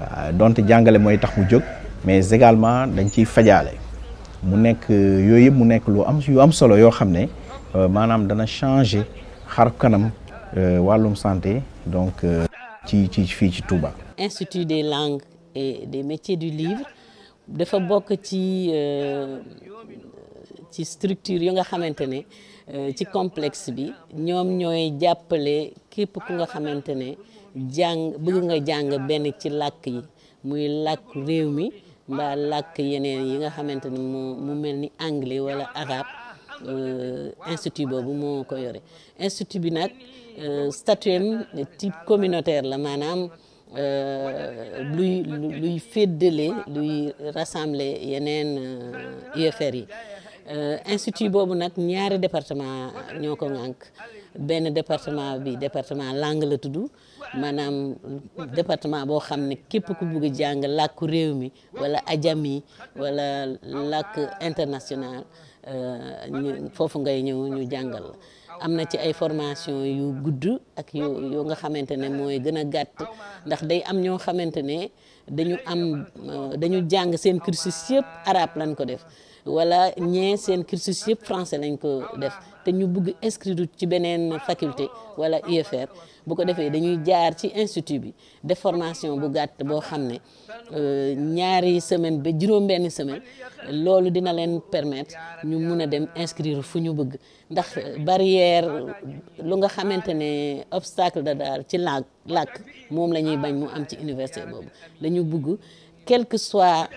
euh, donte jàngale mooy tax mu jóg mais également dañ ciy fajaale mu nekk yooyu yëpp mu nekk lu am yu am solo yoo xam ne maanaam dana changer xar kanam wàllum santé donc ci ci fii ci Touba. Institut ci. ci structure yu nga xamante ne euh, ci complexe bi ñoom ñooy jàppale képp ku nga xamante ne nga jàng benn ci lakk yi muy lakk réew mi mbaa lakk yeneen yi nga xamante ne mu mu mel ni anglais wala arabe euh, institut boobu moo ko yore institut bi nag euh, statut type communautaire la maanaam luy luy féddale luy rassembler yeneen UFR yi Euh, institut boobu nag ñaari département ñoo ko ŋànk benn département bi département lang la tudd maanaam département boo xam ne képp ku bugg jàng làkku réew mi wala ajami wala làkk international euh, foofu ngay ñëw ñu jàngal la am na ci ay formation yu gudd ak yu yoo nga xamante ne mooy gën a gàtt ndax day am ñoo xamante ne dañu am euh, dañu jàng seen cursus yëpp arab lañ ko def wala ñee seen cursus yëpp français lañ ko def te ñu bugg inscrire ci beneen faculté wala UFR bu ko defee dañuy jaar ci institut bi def bu gàtt boo xam ne euh, ñaari semaine ba juróom-benn semaine loolu dina leen permettre ñu mun a dem inscrire fu ñu bëgg ndax barrière lu nga xamante ne obstacle da daal ci làkk làkk moom lañuy bañ mu am ci université boobu dañu bëgg quel que soit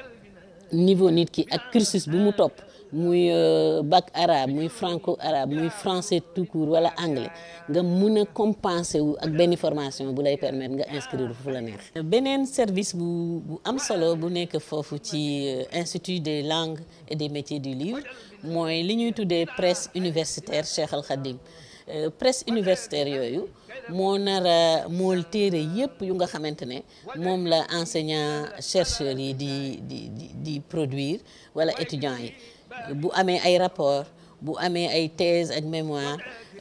niveau nit ki ak cursus bu mu topp muy euh, bac arabe muy franco arabe muy français tout court wala anglais nga mun a compenser wu ak benn formation bu lay permettre nga inscrire fu la neex. beneen service bu bu am solo bu nekk foofu ci euh, institut des langues et des métiers du livre mooy li ñuy tuddee presse universitaire Cheikh Al Euh, presse universitaire yooyu moo nar a mool téere yépp yu nga xamante ne moom la enseignant chercheurs yi di di di di produire wala étudiants yi bu amee ay rapport bu amee ay thèse ak mémoire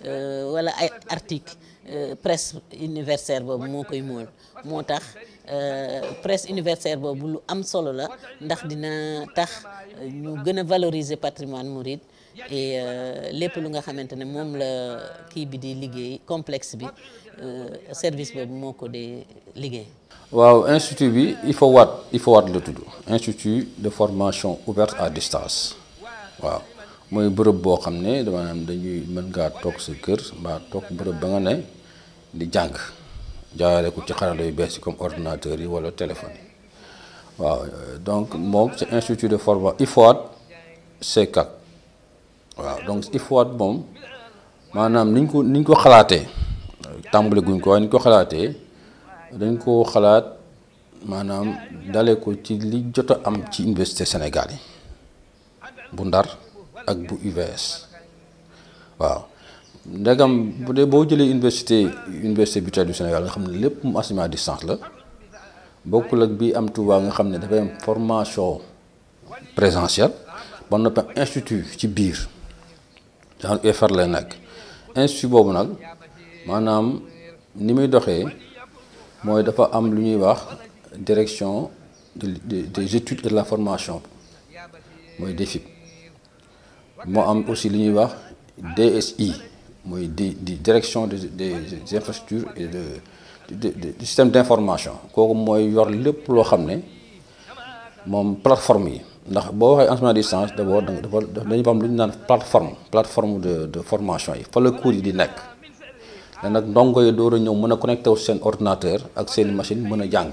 euh, wala ay article euh, presse universitaire boobu moo koy mool moo tax presse universaire boobu lu am solo la ndax dina tax ñu gën a valoriser patrimoine mouride Euh, lépp lu nga xamante ne moom la kii bi di liggéey complexe bi euh, service boobu moo ko di liggéey. waaw institut bi IFOWAD IFOWAD la tudd institut de formation ouverte à distance waaw mooy bërëb boo xam ne dama dañuy mën ngaa toog sa kër mbaa toog bërëb ba nga ne di jàng jaaree ko ci xarala yu bees yi comme ordinateur yi wala téléphone yi waaw donc moom c'est institut de formation IFOWAD C4. waaw donc il IFOWAT moom maanaam niñ ko niñ ko xalaatee tàmbali guñ ko waaye niñ ko xalaatee dañ ko xalaat maanaam dale ko ci li jot a am ci université Sénégal yi bu Ndar ak bu UVS waaw ndegam bu dee boo jëlee université université bi du Sénégal nga xam ne lépp mu enseignement à distance la bokkul ak bi am Touba nga xam ne dafay am formation présentielle ba noppi institut ci biir genre UFR lay nekk institut boobu nag maanaam ni muy doxee mooy dafa am lu ñuy wax direction de des études et de la formation mooy DEFIP moo am aussi lu ñuy wax DSI mooy di di direction des des infrastructures et de du système d' information kooku mooy yor lépp loo xam ne moom plateforme yi. ndax boo waxee enseignement à distance d'abord dafa dañu fa am lu ñu naan plateforme plateforme de de formation yi fa la cours yi di nekk da nag ndongo yi door a ñëw mën a connecté wu seen ordinateur ak seen machine mën a jàng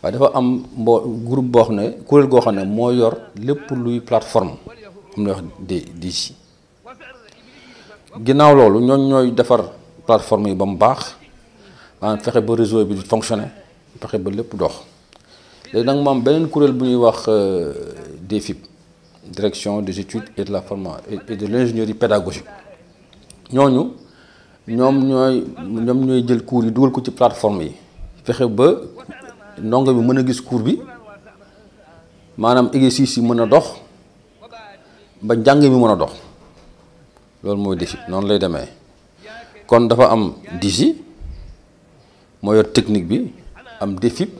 waaye dafa am mboo groupe boo xam ne kuréel goo xam ne moo yor lépp luy plateforme am na wax di di si ginnaaw loolu ñooñ ñooy defar plateforme yi ba mu baax maanaam fexe ba réseau bi di fonctionner fexe ba lépp dox léegi nag moom beneen kuréel bu ñuy wax euh, DEFIP direction des études et la formation et de l'ingénierie pédagogique ñooñu ñoom ñooy ñoom ñooy jël cours yi dugal ko ci plateforme yi fexe ba ndongo bi mën a gis cours bi maanaam exercice yi mën a dox ba njàng mi mën a dox loolu mooy DEFIP noonu lay demee kon dafa am DIGI moo technique bi am DEFIP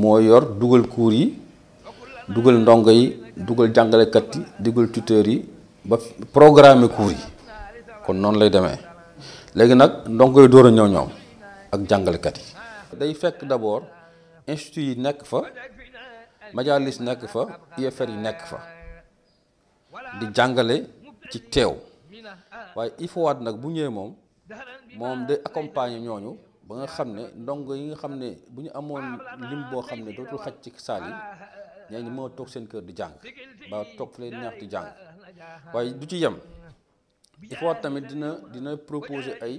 moo yor dugal cours yi dugal ndongo yi dugal jàngalekat yi dugal tuteur yi ba programme cours yi kon noonu lay demee léegi nag ndongo yi door a ñëw ñoom ak jàngalekat yi. day fekk d'abord institut yi nekk fa majalis nekk fa UFR yi nekk fa di jàngale ci teew waaye il faut waat nag bu ñëwee moom moom de accompagner ñooñu. ba nga xam ne ndongo yi nga xam ne bu ñu amoon lim boo xam ne dootul xaj ci saal yi ñooñu moo toog seen kër di jàng ba toog fu leen neex di jàng waaye du ci yem il tamit dina dina proposer ay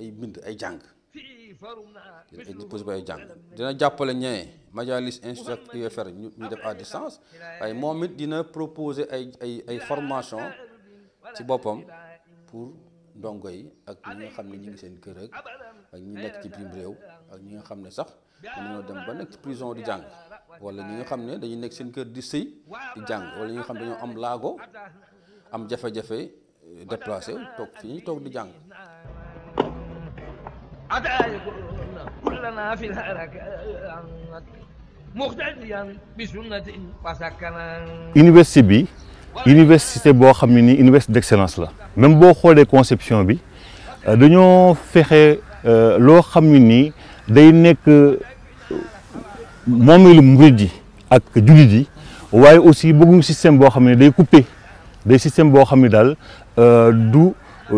ay bind ay jàng ay proposé ba ay dina jàppale ñee majalis institut UFR ñu ñu def à distance waaye moom it dina proposer ay ay ay formation ci boppam pour ndongo yi ak ñu xam ne ñu ngi seen kër ak ñu nekk ci biir réew ak ñi nga xam ne sax dañoo dem ba nekk ci prison di jàng wala ñi nga xam ne dañuy nekk seen kër di sëy di jàng wala ñi nga xam ne dañoo am laago am jafe-jafe déplacé toog fi ñuy toog di jàng. université bi. université boo xam ne ni université d'excellence la même boo xoolee conception bi euh, dañoo fexe euh, loo xam ne nii day nekk euh, moomeelu murid yi ak jullit yi waaye aussi bëgguñu système boo xam ne day coupé day système boo xam ne daal du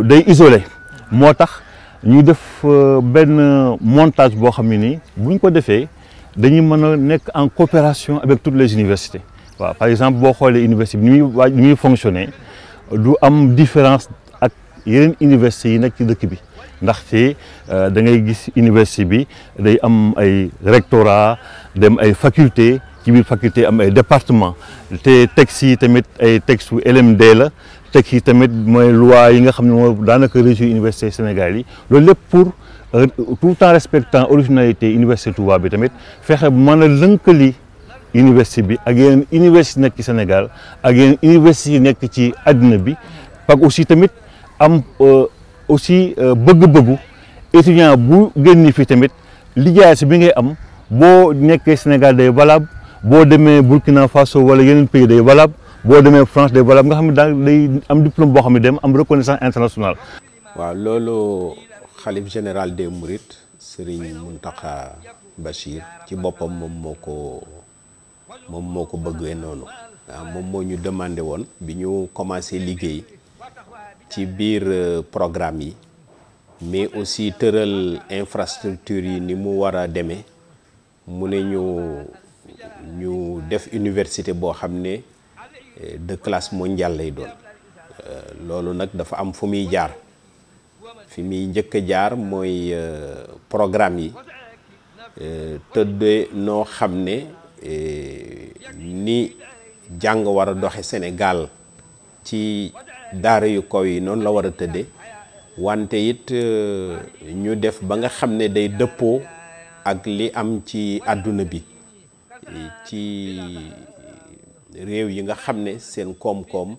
day isole moo tax ñu def benn montage boo xam ne nii buñ ko defee dañuy mën a nekk en coopération avec toutes les universités waaw par exemple boo xoolee université bi ni muy waaj ni muy fonctionner du am différence ak yeneen université yi nekk ci dëkk bi ndaxte euh, da ngay gis université bi day am ay rectorat dem ay faculté ci biir faculté am ay département te texte yi tamit ay texte u LMD la texte yi tamit mooy loi yi nga xam ne moo daanaka région université Sénégal yi loolu lépp pour euh, tout en respectant originalité université Touba bi tamit fexe mën a lënkali université bi ak yeneen université nekk ci Sénégal ak yeneen université yi nekk ci àddina bi parce aussi tamit am euh, aussi euh, bëgg-bëggu étudiant bu génn fii tamit liggéey si bi ngay am boo nekkee Sénégal day valable boo demee Burkina Faso wala yeneen pays day valable boo demee France day valable nga xam ne daal day am diplôme boo xam ne dem am reconnaissance internationale. waaw loolu xalif général des Mourides Serigne Mountakha Bachir ci boppam moom moo ko. moom moo ko bëggee noonu waaw moom moo ñu demandé woon bi ñu commencé liggéey ci biir euh, programme yi mais aussi tëral infrastructure yi ni mu war a demee mu ne ñu ñu def université boo xam ne euh, de classe mondiale lay doon euh, loolu nag dafa am fu muy jaar fi muy njëkk a jaar mooy programme yi tëdde noo xam ne Eh, ni jàng war a doxe Sénégal ci daara yu kaw yi noonu la war a tëdde wante it eh, ñu def ba nga xam ne day dëppoo ak li am ci àdduna bi eh, ci réew yi nga xam ne seen koom-koom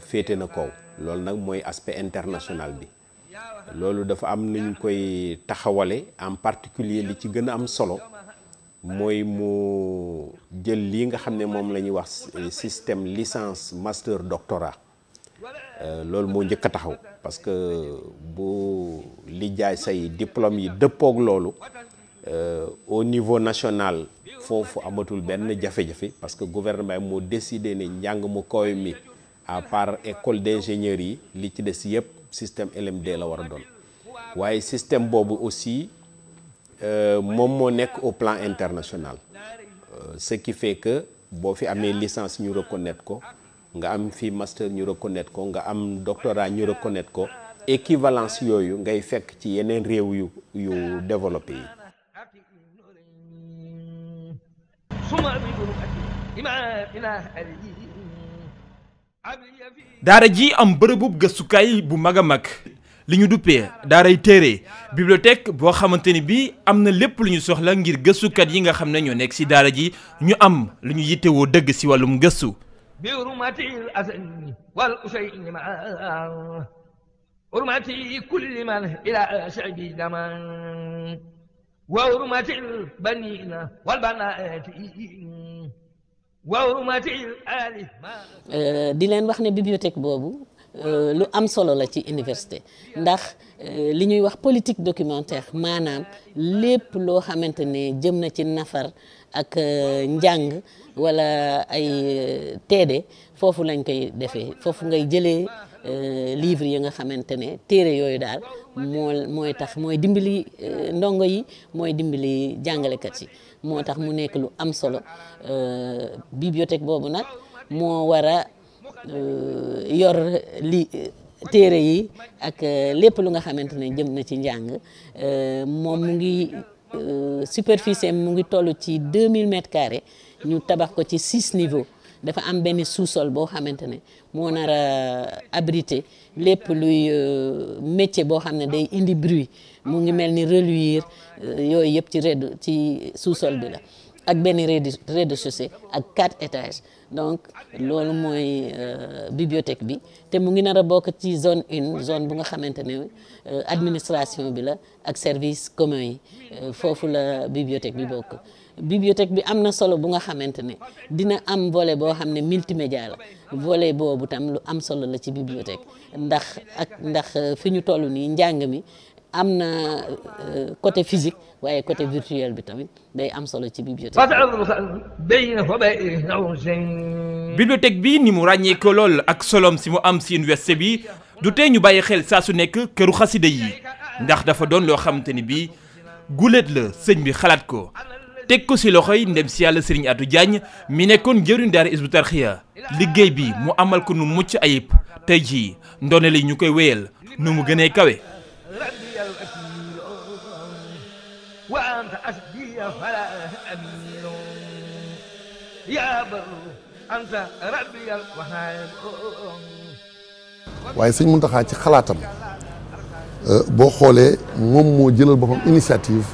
féete na kaw loolu nag mooy aspect international bi loolu dafa am nu koy taxawale en particulier li ci gën a am solo mooy mu jël lii nga xam ne moom la ñuy wax système licence master doctorat euh, loolu moo njëkk a taxaw parce que bu li jaay say diplôme yi dëppoog loolu euh, au niveau national foofu amatul benn jafe-jafe parce que gouvernement moo décidé ne njàng mu kawe mi à part école d'ingénieur yi li ci des yëpp système LMD la war a doon waaye système boobu aussi Euh, moom moo nekk au plan international euh, ce qui fait que boo fi amee licence ñu reconnaître ko nga am fi master ñu reconnaître ko nga am doctorat ñu reconnaître ko équivalence yooyu ngay fekk ci yeneen réew yu yu développé yi daara ji am bërëbub gëstukaay bu mag a mag li ñu duppee daaray téere bibliothèque boo xamante ni bii am na lépp lu ñu soxla ngir gëstukat yi nga xam ne ñoo nekk ci daara ji ñu am lu ñu yittewoo dëgg ci wàllum gëstu. Eh, di leen wax ne bibliothèque boobu. Euh, lu am solo la ci université ndax euh, li ñuy wax politique documentaire maanaam lépp loo xamante ne jëm na ci nafar ak euh, njàng walla ay teede foofu lañ koy defee foofu ngay jëlee livre yi nga xamante ne téere yooyu daal moo mooy tax mooy dimbali ndongo yi mooy dimbali jàngalekat yi moo tax mu nekk lu am solo bibliothèque boobu nag moo war Euh, yor li téere yi ak euh, lépp lu nga xamante ne jëm na ci njàng euh, moom mu ngi superficie mu ngi toll ci 2000 mètres carrés ñu tabax ko ci six niveaux dafa am benn sous boo xamante ne moo nar a lépp luy métier boo xam ne day indi bruit mu ngi mel ni reluire yooyu yëpp ci red ci sous-sol bi la ak benn rez-de-chaussée ak quatre étages donc loolu mooy euh, bibliothèque bi te mu ngi nar a bokk ci zone une zone bu nga xamante ne euh, administration bi la ak service commun yi euh, foofu la bibliothèque bi bokk bibliothèque bi am na solo bu nga xamante ne dina am volet boo xam ne multimédia la volet boobu tam lu am solo la ci bibliothèque ndax ak ndax fi ñu toll nii njàng mi am na euh, côté physique waaye côté virtuel bi tamit day am solo ci bibliothèque bibliothèque bi ni mu ràññee ko lool ak soloom si mu am si université bi du tee ñu bàyyi xel saa su nekk këru xasida yi ndax dafa doon loo xamante ni bii guléet la sëñ bi xalaat ko teg ko si loxoy ndem si yàlla Serigne Atou Diagne mi nekkoon njëriñ daara Hizbut liggéey bi mu amal ko nu mucc ayib tey jii ndoone la ñu koy wéyal nu mu gënee kawe. waaye sëñ Muntaxa ci xalaatam euh, boo xoolee moom moo jëlal boppam initiative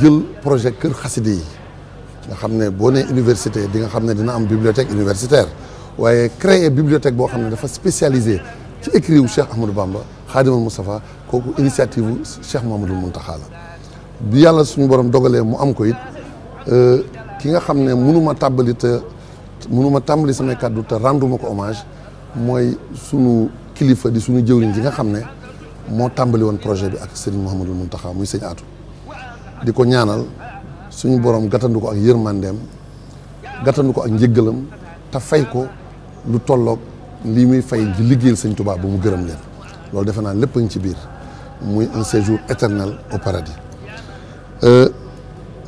jël projet kër xaside yi nga xam ne boo nee université di nga xam ne dina am bibliothèque universitaire waaye créer bibliothèque boo xam ne dafa spécialisé ci écrit wu Cheikh Ahmadou Bamba Xaadimal Moustapha kooku initiative wu Cheikh Mouhamadoul Mountakha la bi yàlla suñu borom dogalee mu am ko it euh, ki nga xam ne mënuma tàmbali te mënuma tàmbali samay kàddu te renduma ko hommage mooy suñu kilifa di suñu jëwriñ ji nga xam ne moo tàmbali woon projet bi ak Serigne mun taxaw muy sëñ atu di ko ñaanal suñu borom gàttandu ko ak yërmandeem gàttandu ko ak njëggalam te fay ko lu tollook lii muy fay di liggéeyal sëñ Touba ba mu gërëm leen loolu defe naa lépp a ci biir muy un séjour éternel au paradis Euh,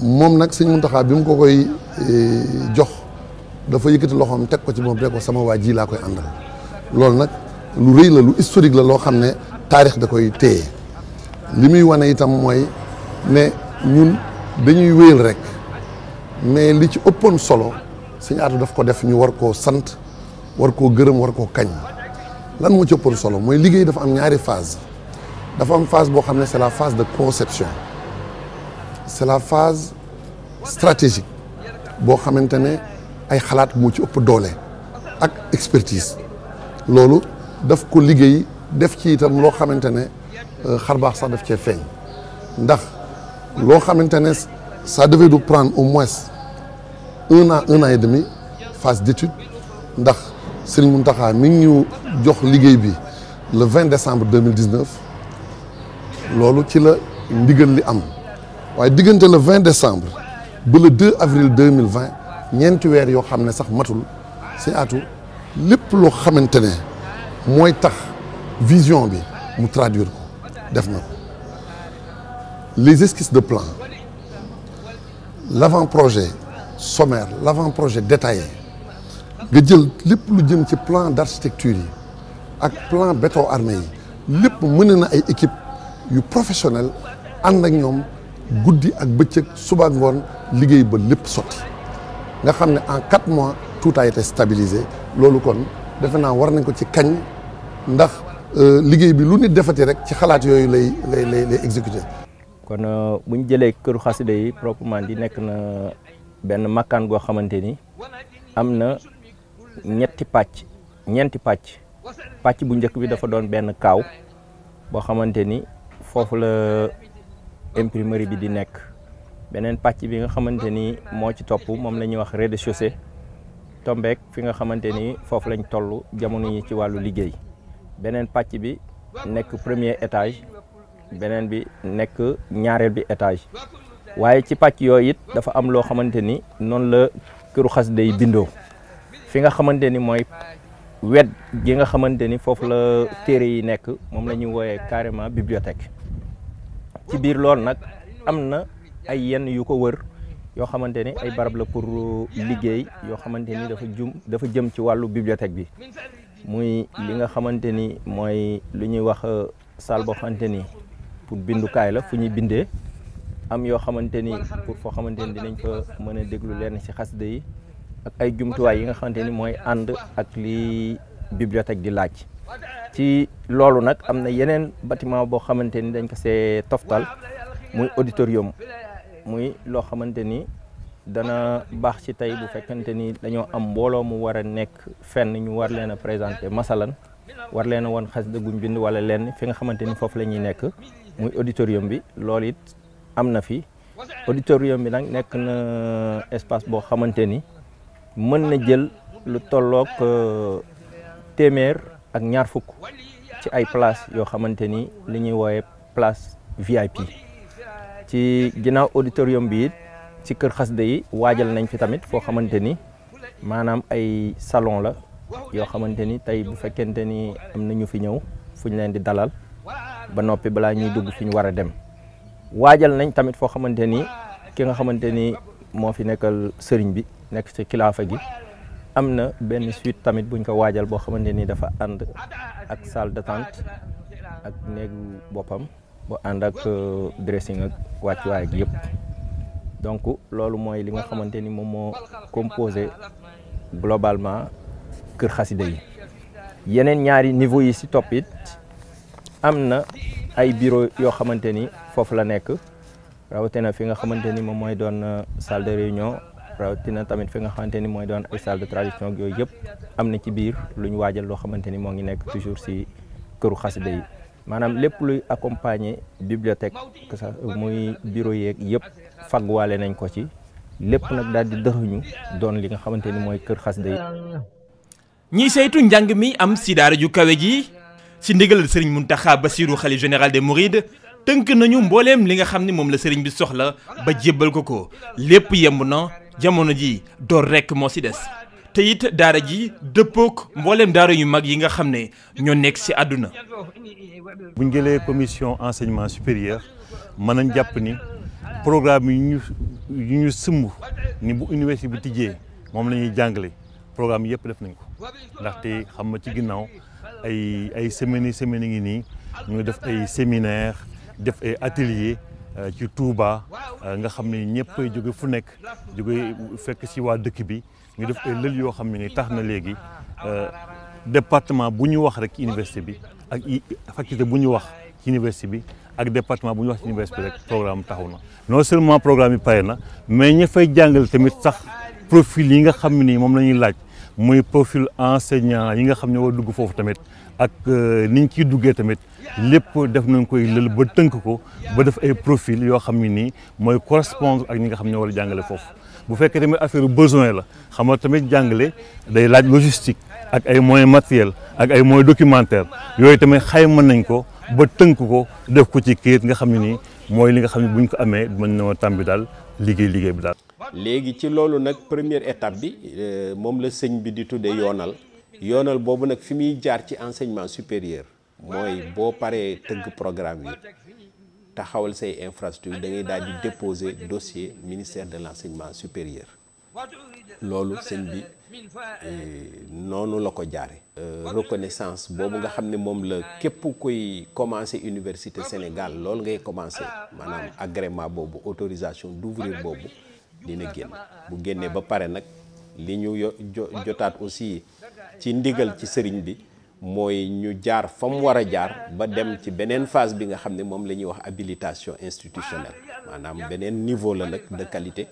moom nag sëñ Muntaxa bi mu ko koy euh, jox dafa yëkkati loxoom teg ko ci moom rek sama waa ji laa koy àndal loolu nag lu rëy la lu historique la loo xam ne taarix da koy téye li muy wane itam mooy ne ñun dañuy wéyal rek mais li ci ëppoon solo suñ Aatu daf ko def ñu war koo sant war koo gërëm war koo kañ lan moo ci ëppoon solo mooy liggéey dafa am ñaari phase dafa am phase boo xam ne c'est la phase de conception c'est la phase stratégique boo xamante ne ay xalaat moo ci ëpp doole ak expertise loolu daf ko liggéey def ci itam loo xamante ne euh, xar baax sax daf cee feeñ ndax loo xamante ne ça du nous au moins un an un an et demi phase d'étude ndax Serigne Mountakha mi ngi ñu jox liggéey bi le 20 décembre 2019 loolu ci la ndigal li am. waaye diggante le 20 décembre ba le 2 avril 2020 ñeenti weer yoo xam ne sax matul si atu lépp loo xamante ne mooy tax vision bi mu traduire ko def na ko les esquisses de plan l'avant-projet sommaire l'avant-projet détaillé nga jël lépp lu jëm ci plan d'architecture yi ak plan béton armé yi lépp mën na ay équipe yu professionnel ànd ak ñoom guddi ak bëccëg suba ngoon liggéey ba lépp sotti nga xam ne en quatre mois tout a été stabilisé loolu kon defe naa war nañ ko ci kañ ndax euh, liggéey bi lu nit defati rek ci xalaat yooyu lay lay kon euh, bu ñu jëlee këru xasida yi proprement di nekk na benn makkaan goo xamante ni am na ñetti pàcc ñeenti pàcc pàcc bu njëkk bi dafa doon benn kaaw boo xamante ni foofu la. imprimerie bi di nekk beneen pàcc bi nga xamante ni moo ci topp moom la ñuy wax rez de tombeek fi nga xamante ni foofu lañ toll jamono yi ci wàllu liggéey beneen pàcc bi nekk premier étage beneen bi nekk ñaareel bi étage waaye ci pàcc yooyu it dafa am loo xamante ni noonu la këru xasida yi bindoo fi nga xamante ni mooy wet gi nga xamante ni foofu la téere yi nekk moom la ñuy wooyee carrément bibliothèque ci biir loolu nag am na ay yenn yu ko wër yoo xamante ni ay barab la pour liggéey yoo xamante ni dafa jum dafa jëm ci wàllu bibliothèque bi muy li nga xamante ni mooy lu ñuy wax euh, salle boo xamante ni pour bindukaay la fu ñuy bindee am yoo xamante ni pour foo xamante ni dinañ fa mën a déglu lenn si xasida yi ak ay jumtuwaay yi nga xamante ni mooy ànd ak lii bibliothèque di laaj ci loolu nag am na yeneen bâtiment boo xamante ni dañ ko see toftal muy auditorium muy loo xamante ni dana baax ci tey bu fekkante ni dañoo am mbooloo mu war a nekk fenn ñu war leen a présenter masalan war leen a woon xas dëgguñ bind wala lenn fi nga xamante ni foofu la ñuy nekk muy auditorium bi loolu it am na fi auditorium bi nag nekk na espace boo xamante ni mën na jël lu tollook euh, téeméer ak ñaar fukk ci ay place yoo xamante ni li ñuy woowe place VIP ci ginnaaw auditorium bi it ci kër xasida yi waajal nañ fi tamit foo xamante ni maanaam ay salon la yoo xamante ni tey bu fekkente ni am na ñu fi ñëw fu ñu leen di dalal ba noppi balaa ñuy dugg fi ñu war a dem waajal nañ tamit foo xamante ni ki nga xamante ni moo fi nekkal sëriñ bi nekk ci kilaafa gi am na benn suite tamit buñ ko waajal boo xamante ni dafa ànd ak salle d'attente ak néegu boppam bu ànd ak euh, dressing ak wàccuwaay ak yëpp donc loolu mooy li nga xamante ni moom moo composé globalement kër xasida yi yeneen ñaari niveau yi si toppit am na ay bureau yoo xamante ni foofu la nekk na fi nga xamante ni moom mooy doon euh, salle de réunion rawatina tamit fi nga xamante ni mooy doon ay salle de tradition yooyu yëpp am na ci biir lu ñu waajal loo xamante ni moo ngi nekk toujours si këru xasida yi maanaam lépp luy accompagner bibliothèque que ça muy bureau yeeg yëpp fagwaale nañ ko ci lépp nag daal di dëxuñu doon li nga xamante ni mooy kër xasida yi ñiy saytu njàng mi am si daara ju kawe ji si ndigalal sëriñ Muntaxa Basiru xalif général des Mourides tënk nañu mbooleem li nga xam ne moom la sëriñ bi soxla ba jébbal ko ko lépp yemb na jamono ji door rekk moo ci des te it daara ji dëppook mbooleem daara yu mag yi nga xam ne ñoo nekk ci àdduna buñ jëlee commission enseignement supérieur mën nañ jàpp ni programme yu ñu yu ñu sumb ni bu université bi tijjee moom la ñuy jàngale programme yëpp def nañ ko ndaxte xam nga ci ginnaaw ay ay semaines yi semaines ngi nii ñu def ay séminaire def ay atelier Euh, ci Touba euh, nga xam ne ñëpp ay jóge fu nekk jóge fekk si waa dëkk bi ñu def ay lël yoo xam ne ni tax na léegi euh, département bu ñu wax rek ci université bi ak faculté bu ñu wax ci université bi ak département bu ñu wax ci université bi rek programme taxaw na. non seulement programme yi pare na mais ña fay jàngal tamit sax profil yi nga xam ne nii moom la laaj muy profil enseignant yi nga xam ne war dugg foofu tamit ak ni ñu duggee tamit. lépp def nañ koy lël ba tënk ko ba def ay profil yoo xam ne nii mooy correspondre ak ñi nga xam ñoo war a jàngale foofu bu fekkee tamit affaire besoin la xam tamit jàngale day laaj logistique ak ay moyens matériels ak ay moyens documentaires yooyu tamit xay xayma nañ ko ba tënk ko def ko ci kayit nga xam ne nii mooy li nga xam ne bu ko amee mën na tàmbi daal liggéey liggéey bi daal. léegi ci loolu nag première étape bi euh, moom la sëñ bi di tuddee yoonal yoonal boobu nag fi muy jaar ci enseignement supérieur. mooy boo paree tëgg programme yi taxawal say infrastructure da ngay daal di déposer dossier ministère de l'enseignement supérieur loolu sëñ bi euh, noonu la ko jaare euh, reconnaissance boobu nga xam ne moom la képp koy commencer université Sénégal loolu ngay commencer maanaam agrément boobu autorisation d'ouvrir boobu dina génn bu génnee ba pare nag li ñu jotaat aussi ci ndigal ci sëriñ bi mooy ñu jaar fa mu war a jaar ba dem ci beneen phase bi nga xam ne moom la ñuy wax habilitation institutionnelle maanaam beneen niveau la nag de qualité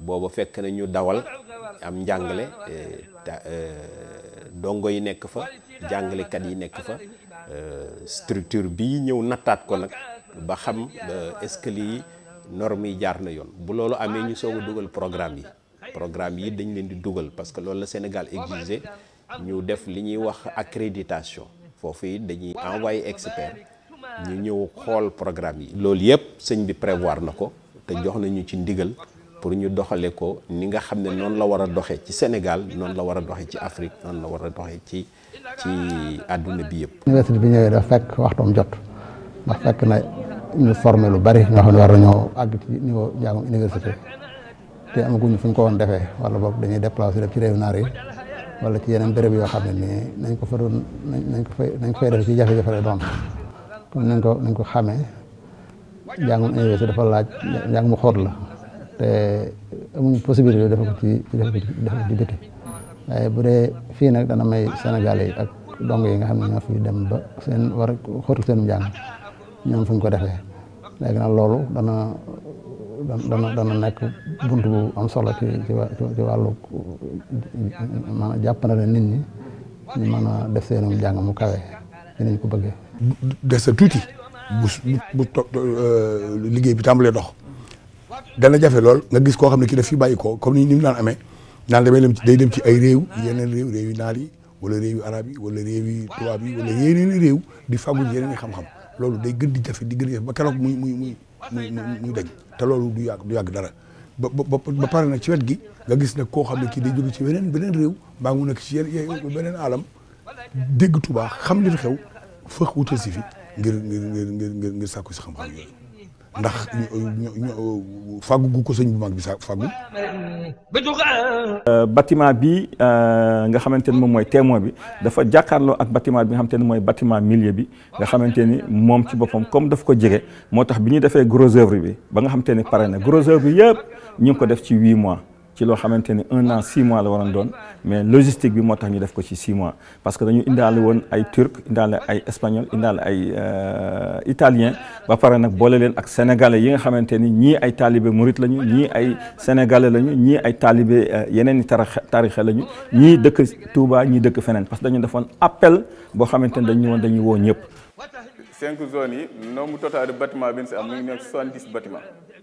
booba fekk na ñu dawal am njàngale eh, eh, dongo yi nekk fa jàngalekat yi nekk fa eh, structure bi ñëw nattaat ko nag ba xam est-ce que lii normes yi jaar na yoon bu loolu amee ñu soow a dugal programme yi programme yi dañ leen di dugal parce que loolu la Sénégal exigé ñu def li ñuy wax accréditation foofu it dañuy envoyé expert ñu ñëw xool programme yi. loolu yëpp sëñ bi prévoir na ko te jox nañu ci ndigal pour ñu doxale ko ni nga xam ne noonu la war a doxee ci Sénégal noonu la war a doxee ci Afrique noonu la war a doxee ci ci àdduna bi yëpp. université bi ñëwee dafa fekk waxtoom jot ndax fekk na ñu formé lu bari nga xam ne war nañoo àgg ci niveau njàngam université te amaguñu fu ñu ko woon defee walla boobu dañuy déplacé rek ci réew yi. wala ci yeneen béréb yoo xam ne nii nañ ko fa doon nañ ko fay nañ ko fay def ci jafe-jafe lay doon comme nañ ko nañ ko xamee njàngum université laaj njàng mu xóot la te amuñ def ci def ko ci biti waaye bu dee fii nag dana may Sénégalais yi ak dong yi nga xam ne ñoo fi dem ba seen war a xóotul seen njàng ñoom fu ko defee léegi nag loolu dana dana dana nekk bunt bu am solo ci ci wàllu maanaam jàppandale nit ñi ñu mën a def seenum jàng mu kawe dinañ ko bëggee. des sa tuuti bu bu euh, liggéey bi tàmbalee dox dana jafe lool nga gis koo xam ne ki daf fi bàyyi ko comme nii ni mu amee naan damay dem ci day dem ci ay réew yeneen réew réew yu naar yi wala réew yu arab yi wala réew yi wala yeneen réew di fàggu yeneen i xam-xam loolu day gën di jafe di gën di jafe ba keroog muy muy muy muy muy dañ. te loolu du yàgg du yàgg dara ba ba ba pare nag ci wet gi nga gis nag koo xam ne kii day jóge ci beneen beneen réew mbaa mu nekk ci yenn beneen alam dégg Tuubaa xam li fi xew fëx wutal si fi ngir ngir ngir ngir ngir sàkku si xam yooyu ndax fàggu gu ko sëñ bu mag bi sa fàggu euh, bâtiment bi euh, nga xamante ni moom mooy témoin bi dafa jàkkaarloo ak bâtiment bi nga xamante ni mooy bâtiment milieu bi nga xamante ni moom ci boppam comme daf ko jege moo tax bi ñu defee gros bi ba nga xamante ni pare na gros bi yëpp ñu ngi ko def ci huit mois ci loo xamante ne un an six la waroon doon mais logistique bi moo tax ñu def ko ci six parce que dañu indaale woon ay turc indaale ay espagnol indaale ay euh, italien ba pare nag boole leen ak sénégalais yi nga xamante ni ñii ay taalibe murit lañu ñii ay sénégalais lañu ñii ay taalibe euh, yeneen i tarixe lañu ñii dëkk Touba ñii dëkk feneen parce que dañu defoon appel boo xamante ni dañu woon dañu woo ñëpp. cinq zones yi nombre total de bâtiment bi ñu si am mu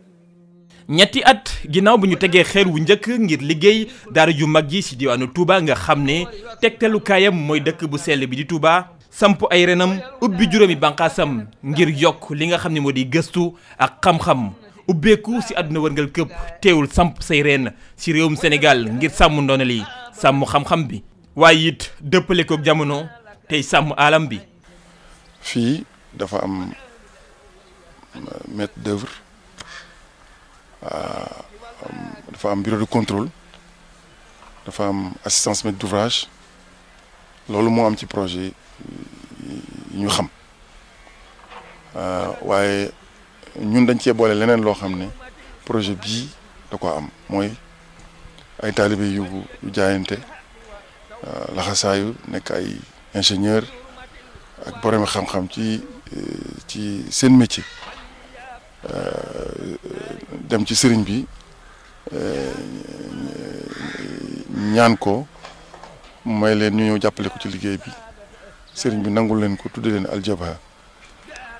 ñetti at ginnaaw bu ñu tegee xeer wu njëkk ngir liggéey daara ju mag yi ci diwaanu Touba nga xam ne tegtalu mooy dëkk bu sell bi di Touba samp ay renam ubbi juróomi bànqaasam ngir yokk li nga xam ne moo di gëstu ak xam-xam ubbeeku ci àdduna wërngal këpp teewul samp say reen ci réewum Sénégal ngir sàmm ndono li sàmm xam-xam bi waaye it dëppale kook jamono tey sàmm alam bi. fii dafa am euh, maître d'œuvre Euh, dafa am bureau de contrôle dafa am assistance maître d'ouvrage loolu moo am ci projet yi ñu xam euh, waaye ñun dañ cee boole leneen loo xam ne projet bii da ko am mooy ay taalibe yu jaayante euh, laxasaayu nekk ay ingénieur ak borom xam-xam ci ci seen métier. Euh, dem ci sëriñ bi euh, ñaan ko may leen ñu ñëw jàppale ko ci liggéey bi sëriñ bi nangu leen ko tudde leen aljaba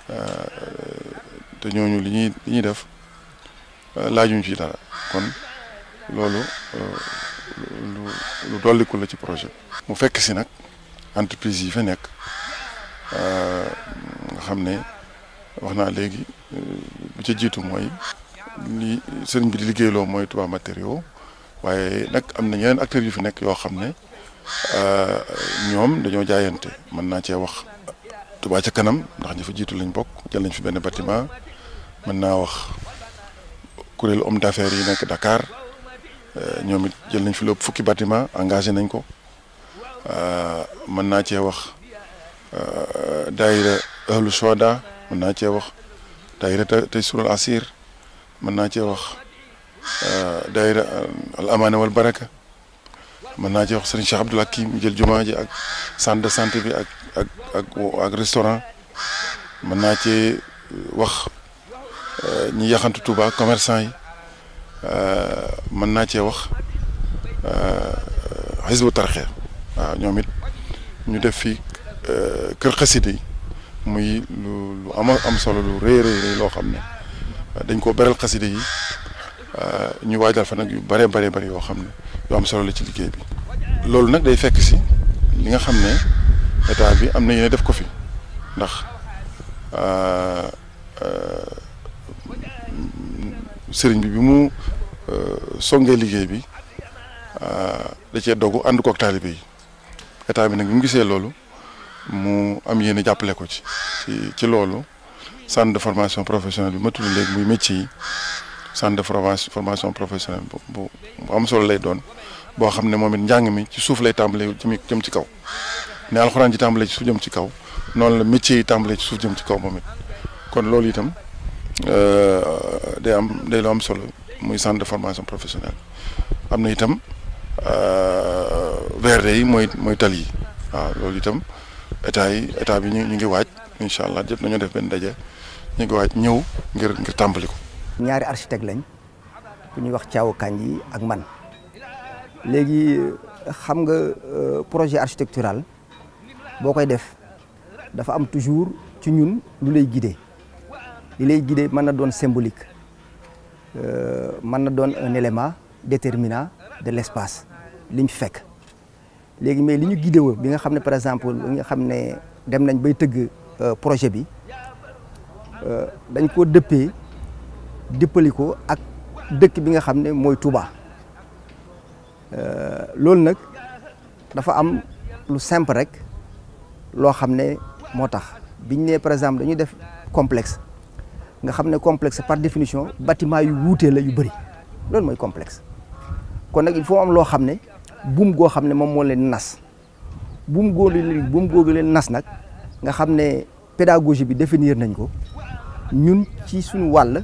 euh, te ñooñu li ñuy ñuy def laajuñ ci dara kon loolu lu lu dolliku la ci projet mu fekk si nag entreprise yi fa nekk nga xam ne wax naa léegi euh, bu ca jiitu mooy li sëriñ bi di liggéeyloo mooy Touba matériaux waaye nag am na ñeneen acteurs yu fi nekk yoo xam ne euh, ñoom dañoo jaayante mën naa cee wax tubaa ca kanam ndax ñi fa jiitu lañ bokk jël nañ fi benn bâtiment mën naa wax kuréelu homme d'affaires yi nekk Dakar euh, ñoom it jël nañ fi lépp fukki bâtiment engagé nañ ko mën naa cee wax daayira ahlu Soda man naa cee wax daayira Taysiirul Asiir mën naa cee wax daayira euh, euh, al amaane wal baraka mën naa ce wax sëriñ Cheikh Abdoul Hakim jël jumaa ji ak centre de santé bi ak ak ak ak restaurant mën naa cee wax euh, ñi yaxantu Touba commerçant yi mën naa cee wax xisbu tarxe waaw ñoom it ñu def fi kër xasida yi muy lu lu am am solo lu rëy rëy loo xam ne euh, dañ koo beral xaside yi euh, ñu waajal fa nag yu bare bare bare yoo xam ne yoo am solo la ci liggéey bi loolu nag day fekk si li nga xam ne état bi am na yéene def ko fi ndax euh, sëriñ bi bi mu songee liggéey bi da cee dogu ànd kook taalibe yi état bi nag bi mu gisee loolu mu am yéen jàppale ko ci ci loolu centre de formation professionnelle bi matul tudd léegi muy métier yi centre de formation formation professionnelle bu am solo lay doon boo xam ne moom it njàng mi ci suuf lay tàmbalee jëm jëm ci kaw ne alxuraan ji tàmbalee ci suuf jëm ci kaw noonu la métier yi tàmbalee ci suuf jëm ci kaw moom kon loolu itam euh, day am day am solo muy centre de formation professionnelle am na itam euh, VRD yi mooy mooy tal yi waaw loolu itam. état yi état bi ñu ñu ngi waaj incha allah jot nañoo def benn daje ñu ngi waaj ñëw ngir ngir tàmbali ko. ñaari architecte lañ ku ñuy wax Thiaw Kandji ak man léegi xam nga euh, projet architectural boo koy def dafa am toujours ci ñun lu lay guider li lay guider mën na doon symbolique euh, mën na doon un élément déterminant de l' espace liñ fekk. léegi mais li ñu guidé woon bi nga xam ne par exemple nga xam ne dem nañ bay tëgg euh, projet bi euh, dañ koo dëppee dëppali ko ak dëkk bi nga xam ne mooy Touba euh, loolu nag dafa am lu simple rek loo xam ne moo tax biñ ne par exemple dañu def complexe nga xam ne complexe par définition bâtiment yu wutee la yu bëri loolu mooy complexe kon nag il faut am loo xam ne buum goo xam ne moom moo leen nas buum góor leen buum googu leen nas nag nga xam ne pédagogie bi definiir nañ ko ñun ci suñu wàll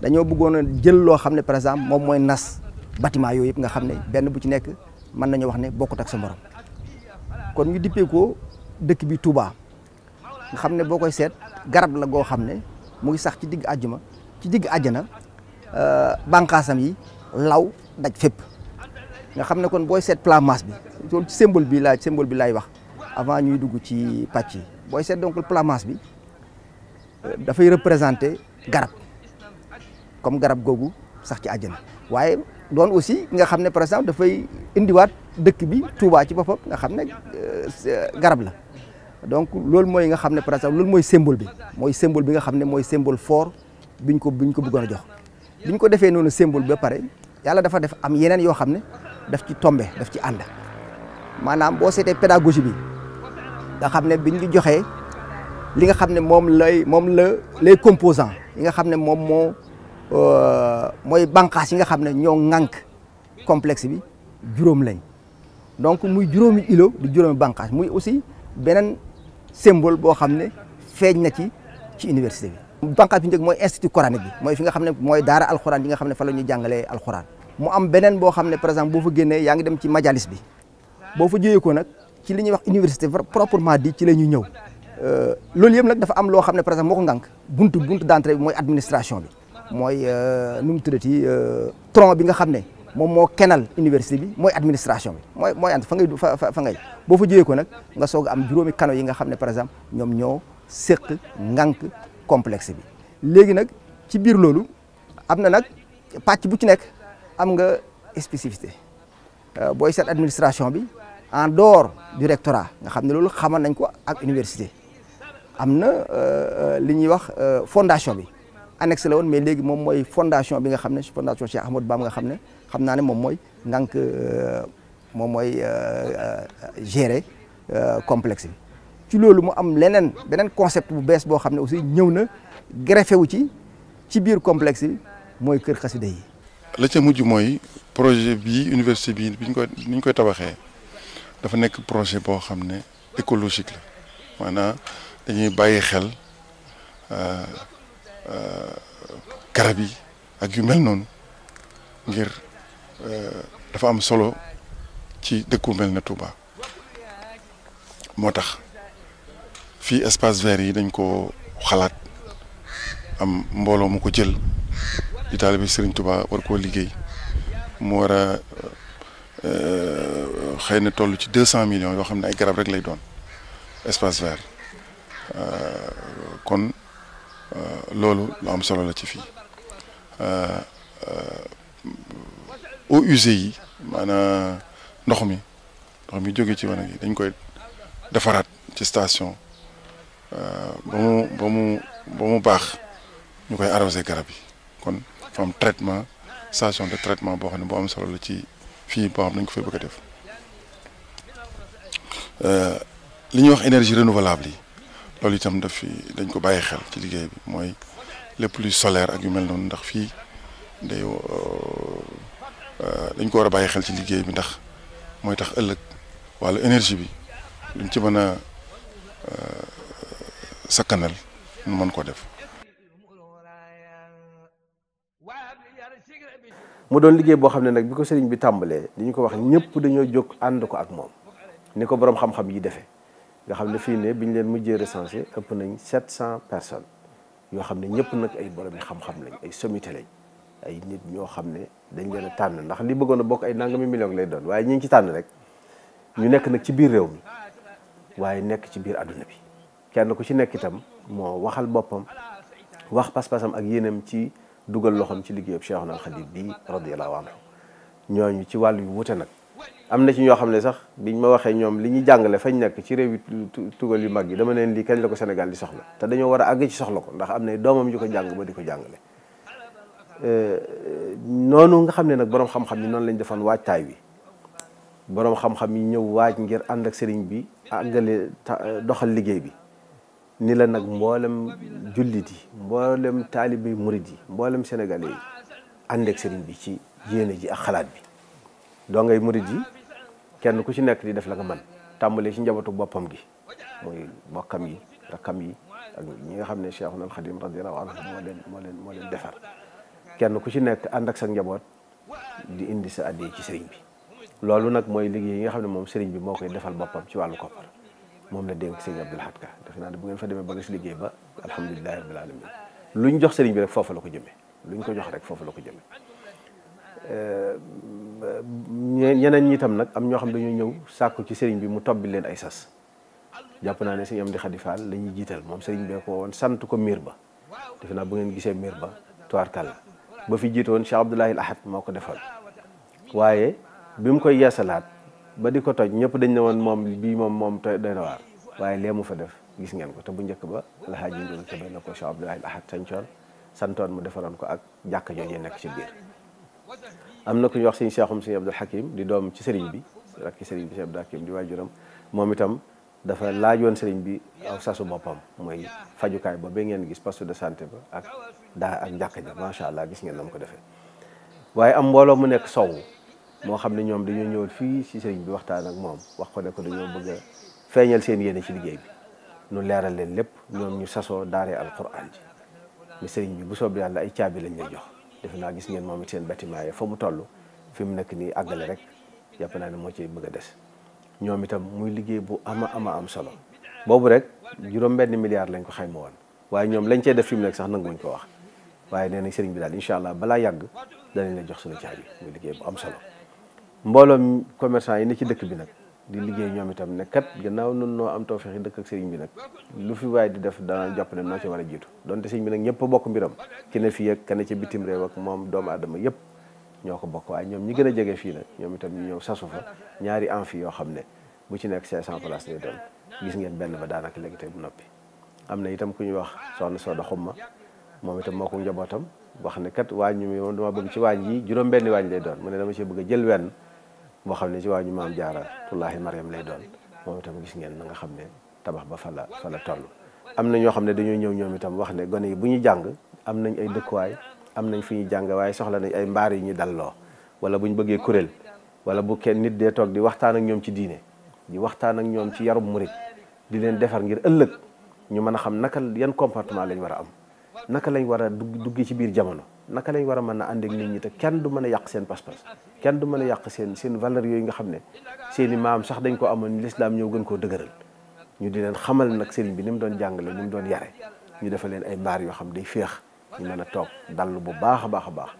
dañoo bëggoon a jël loo xam ne par exemple moom mooy nas bâtiment yooyu yëpp nga xam ne benn bu ci nekk mën nañu wax ne bokkut ak sa morom kon ñu dippee ko dëkk bi Touba nga xam ne boo koy seet garab la goo xam ne mu ngi sax ci digg àjjuma ci digg àjjana euh, banqaasam yi law daj fépp nga xam ne kon booy seet plan masse bi loolu symbole bi laay symbole bi laay wax avant ñuy dugg ci pàcc yi booy seet donc plan masse bi euh, dafay représenter garab comme garab googu sax ci àjjana waaye doon aussi nga xam ne par dafay indiwaat dëkk bi Touba ci boppam nga xam ne euh, garab la donc loolu mooy nga xam ne par exemple loolu mooy symbole bi mooy symbole bi nga xam ne mooy symbole fort biñ ko biñ ko bëggoon a jox biñ ko defee noonu symbole ba pare yàlla dafa def am yeneen yoo xam ne daf ci tombe daf ci ànd maanaam boo seetee pédagogie bi nga xam ne biñ ñu joxee li nga xam ne moom lay moom la les composants yi nga xam ne moom moo euh, mooy bànqaas yi nga xam ne ñoo ŋànk complexe bi juróom lañ donc muy juróomi îlot di juróomi bànqaas muy aussi beneen symbole boo xam ne feeñ na ci ci université bi. bànqaas bi njëkk mooy institut coranique bi mooy fi nga mooy daara alxuraan yi nga xam ne fa la ñuy jàngalee alxuraan. mu am beneen boo xam ne par exemple boo fa génnee yaa ngi ci majalis bi boo fa jógee ko nag ci li wax université proprement dit ci la ñuy ñëw euh, loolu yëpp nag dafa am loo xam ne par exemple moo ko ngànk buntu buntu d'entrée bi mooy administration bi mooy euh, nu mu tuddati euh, tronc bi nga xam ne moom moo kenal université bi mooy administration bi mooy mooy ant fa ngay fa fa ngay boo fa jógee ko nag nga soog am juróomi kano yi nga xam par exemple ñoom ñoo séq ngànk complexe bi léegi nag ci biir loolu am na nag pàcc bu ci nekk am nga spécificité euh, booy seet administration bi en door du rectorat nga xam ne loolu xamal nañ ko ak université am na euh, euh, li ñuy wax fondation bi annexe la woon mais léegi moom mooy fondation bi nga xam ne fondation Cheikh Ahmadou Bamba nga xam ne xam naa ne moom mooy ngànk moom mooy gérer complexe bi ci loolu mu am leneen beneen concept bu bees boo xam ne aussi ñëw na greffé wu ci ci biir complexe mooy kër xasida yi la mujj mooy projet bii université bii bi ñu koy koy tabaxee dafa nekk projet boo xam ne écologique la maanaam dañuy bàyyi xel euh, euh, garab yi ak yu mel noonu ngir euh, dafa am solo ci dëkku mel na Touba moo tax fii espace vert yi dañ ko xalaat am mbooloo mu ko jël di bi Serigne tubaa war koo liggéey mu war a euh, xëy na toll ci deux cent millions yoo xam ne ay garab rek lay doon espace vert euh, kon euh, loolu lu am solo la ci fii eaux usées yi maanaam ndox mi ndox mi jóge ci wanag yi dañ koy defaraat ci station ba mu ba mu baax ñu koy arrosé garab yi dafa traitement station de traitement boo xam ne boo am solo la ci fii boo xam ne dañ ko fay bëgg a def euh, li ñuy wax énergie renouvelable yi loolu itam daf fi dañ ko bàyyi xel ci liggéey bi mooy lépp luy solaire ak yu mel noonu ndax fii day euh, euh, dañ ko war a bàyyi xel ci liggéey bi ndax mooy tax ëllëg wàllu énergie bi luñ ci mën a sakkanal ñu mën koo def. mu doon liggéey boo xam ne nag bi ko sëriñ bi tàmbalee di ñu ko wax ñëpp dañoo jóg ànd ko ak moom ni ko boroom xam-xam yi defe nga xam ne fii ne bi ñu leen mujjee recensé ëpp nañ 700 personnes yoo xam ne ñëpp nag ay borom yi xam-xam lañ ay sommité lañ ay nit ñoo xam ne dañ leen a tànn ndax li bëggoon a bokk ay nangami million lay doon waaye ñi ngi ci tànn rek ñu nekk nag ci biir réew mi waaye nekk ci biir àdduna bi kenn ku ci nekk itam moo waxal boppam wax pas-pasam ak yéenam ci. dugal loxoom ci liggéeyub Cheikhul Khadim bi radiyallahu anhu ñooñu ci wàll yu wute nag am na ci ñoo xam ne sax biñ ma waxee ñoom li ñu jàngale fañ nekk ci réew yi tugal yu mag yi dama leen lii kañ la ko senegal di soxla te dañoo war a àgg ci soxla ko ndax am na doomam yu ko jàng ba di ko jàngale euh, noonu nga xam ne nag boroom xam-xam yi noonu lañ defoon waajtaay wi boroom xam-xam ñëw waaj ngir ànd ak sëriñ bi àggale doxal liggéey bi ni la nag mboolem jullit yi mboolem taalibe murid yi mboolem senegal yi ànd ak bi ci yéene ji ak xalaat bi ay murid yi kenn ku ci nekk di def la nga mën ci njabootu boppam gi mooy bokkam yi rakkam yi ak ñi nga xam ne Cheikhul Khadim radiyallahu anhu moo leen moo leen moo leen defar kenn ku ci nekk ànd ak sa njaboot di indi sa addiya ci sëriñ bi loolu nag mooy liggéey yi nga xam ne moom seriñ bi moo koy defal boppam ci wàllu koppar moom la dénk sëñ Abdoul Ahad Ka def naa ne bu ngeen fa demee ba gis liggéey ba alhamdulilahi rabbil alamin lu ñu jox sëriñ bi rek foofu la ko jëmee lu ñu ko jox rek foofu la ko jëmee euh, ñeneen ñi itam nag am ñoo xam dañoo ñëw sàkku ci sëriñ bi mu tobbi leen ay sas jàpp naa ne sëñ Amdi Khady Fall la ñuy jiital moom sëriñ bee ko woon sant ko miir ba defe naa bu ngeen gisee miir ba tuwaarkal ba fi jiite woon Cheikh Abdoul Ahad moo ko defal waaye bi mu koy yeesalaat ba di ko toj ñëpp dañ ne woon moom bii moom moom doy na waar waaye lee mu fa def gis ngeen ko te bu njëkk ba alhaaji Ndour Kébé la ko Cheikh Abdoulaye Ahad sancoon santoon mu defaroon ko ak jàkka jooju nekk ci am na ku ñuy wax sëñ Cheikhum sëñ Abdoul Hakim di doom ci sëriñ bi rakki sëriñ bi sëñ Abdoul Hakim di waajuram moom itam dafa laajoon sëriñ bi aw sasu boppam mooy fajukaay ba ba ngeen gis poste de santé ba ak daa ak jàkka ja gis ngeen na mu ko defee waaye am mbooloo mu nekk sowu moo xam ne ñoom dañoo ñëwoon fii si sëriñ bi waxtaan ak moom wax ko ne ko dañoo bëgg a feeñal seen yéene ci liggéey bi ñu leeral leen lépp ñoom ñu sasoo daaree alquran ji mais sëriñ bi bu soob yàlla ay caabi lañ ko jox defe naa gis ngeen moom it seen bâtiment ya fa mu toll fi mu nekk nii àggale rek jàpp naa ne moo ci bëgg a des ñoom itam muy liggéey bu ama ama am solo boobu rek juróom benn milliard lañ ko xayma woon waaye ñoom lañ cee def fi mu nekk sax nanguñ ko wax waaye nee nañ sëriñ bi daal incha allah balaa yàgg danañ la jox suñu caabi muy liggéey bu am solo mbooloom commercant yi ne ci dëkk bi nag di liggéey ñoom itam ne kat gannaaw nun noo am tawfeex yi dëkk ak sëriñ bi nag lu fi waaye di def dana jàpp ne noo ci war a jiitu donte sëriñ bi nag ñëpp bokk mbiram ki ne fii ak ka bitim réew ak moom doomu aadama yëpp ñoo ko bokk waaye ñoom ñi gën a jege fii nag ñoom itam ñu ñëw sasu fa ñaari an yoo xam ne bu ci nekk 500 place lay doon gis ngeen benn ba daanaka léegi tey bu noppi am na itam ku ñuy wax soxna soo Soda Xumma moom itam moo ko njabootam wax ne kat waañ ñu mi moom dama bëgg ci waañ yi juróom benni waañ lay doon mu ne dama ci bëgg jël wenn boo xam ne ci waaju maam jaara tullaahi mariam lay doon moom itam gis ngeen na nga xam ne tabax ba fa la fa la toll am na ñoo xam ne dañoo ñëw ñoom itam wax ne gone yi bu ñu jàng am nañ ay dëkkuwaay am nañ fu ñu jàng waaye soxla nañ ay mbaar yi ñu dalloo wala bu ñu bëggee kuréel wala bu kenn nit dee toog di waxtaan ak ñoom ci diine di waxtaan ak ñoom ci yarub murit di leen defar ngir ëllëg ñu mën a xam naka yan comportement lañ war a am naka lañ war a dugg dugg ci biir jamono naka lañ war a mën a ànd ak nit ñi te kenn du mën a yàq seen pas-pas kenn du mën a yàq seen seen valeur yooyu nga xam ne seen maam sax dañ ko amoon lislaam ñëw gën koo dëgëral ñu di leen xamal nag sëriñ bi ni mu doon jàngale ni mu doon yare ñu defal leen ay mbaar yoo xam day féex mën a toog dallu bu baax a a baax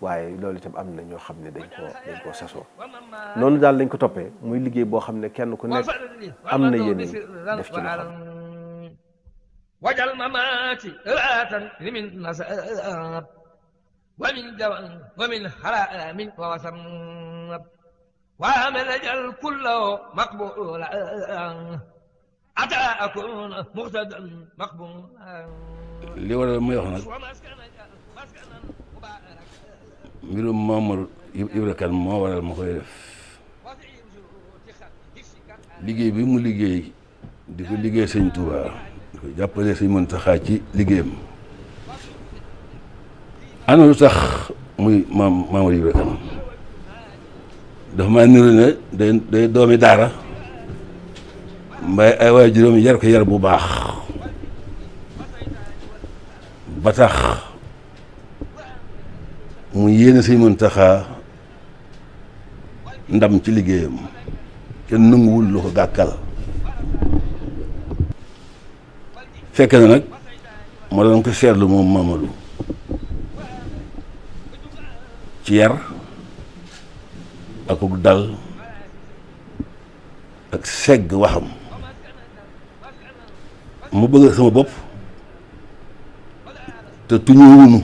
waaye loolu itam am na ñoo xam ne dañ koo dañ koo sasoo noonu daal dañ ko toppee muy liggéey boo xam ne kenn ku nekk am na yéene def ci loxoom wajal mamaati raatan limin nasab wa min jawan wa min haraamin wa wasab وعمل اجعل كله مقبولا ata akuna muqtadan maqbula li waral muy wax nag mbirum Mamadou Ibra Kane moo waral ma koy def liggéey bi mu liggéey di ko liggéey sëñ Touba jàppale Sëñ Muntaxa ci liggéeyam ana lu tax muy maam Mamadou Ibra Kane dafa maa niru ne day day doomi daara mbay ay waaye juróom yar ko yar bu baax ba tax mu yéene Sëñ Muntaxa ndam ci liggéeyam kenn nanguwul lu ko gàkkal fekk na nag ma doon ko seetlu moom Mamadou ci yar akuk dal ak segg waxam mu bëgg sama bopp te tuñu wunu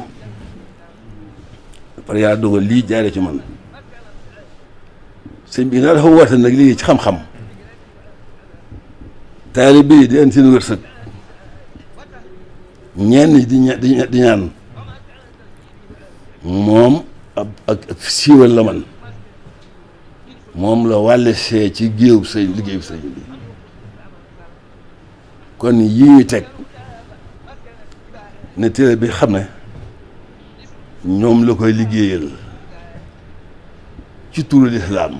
par yaa dogal lii jaare ci man sëñ bi naa dafa woote nag lii ci xam-xam taalibe yi di am seen wërsëg ñenn ñi di ñaan moom ab ak siiwal la man moom la wàlle ci géew sëñ liggéeyu sëñ bi kon yi ñu teg ne téere bi xam ne ñoom la koy liggéeyal ci turu lislaam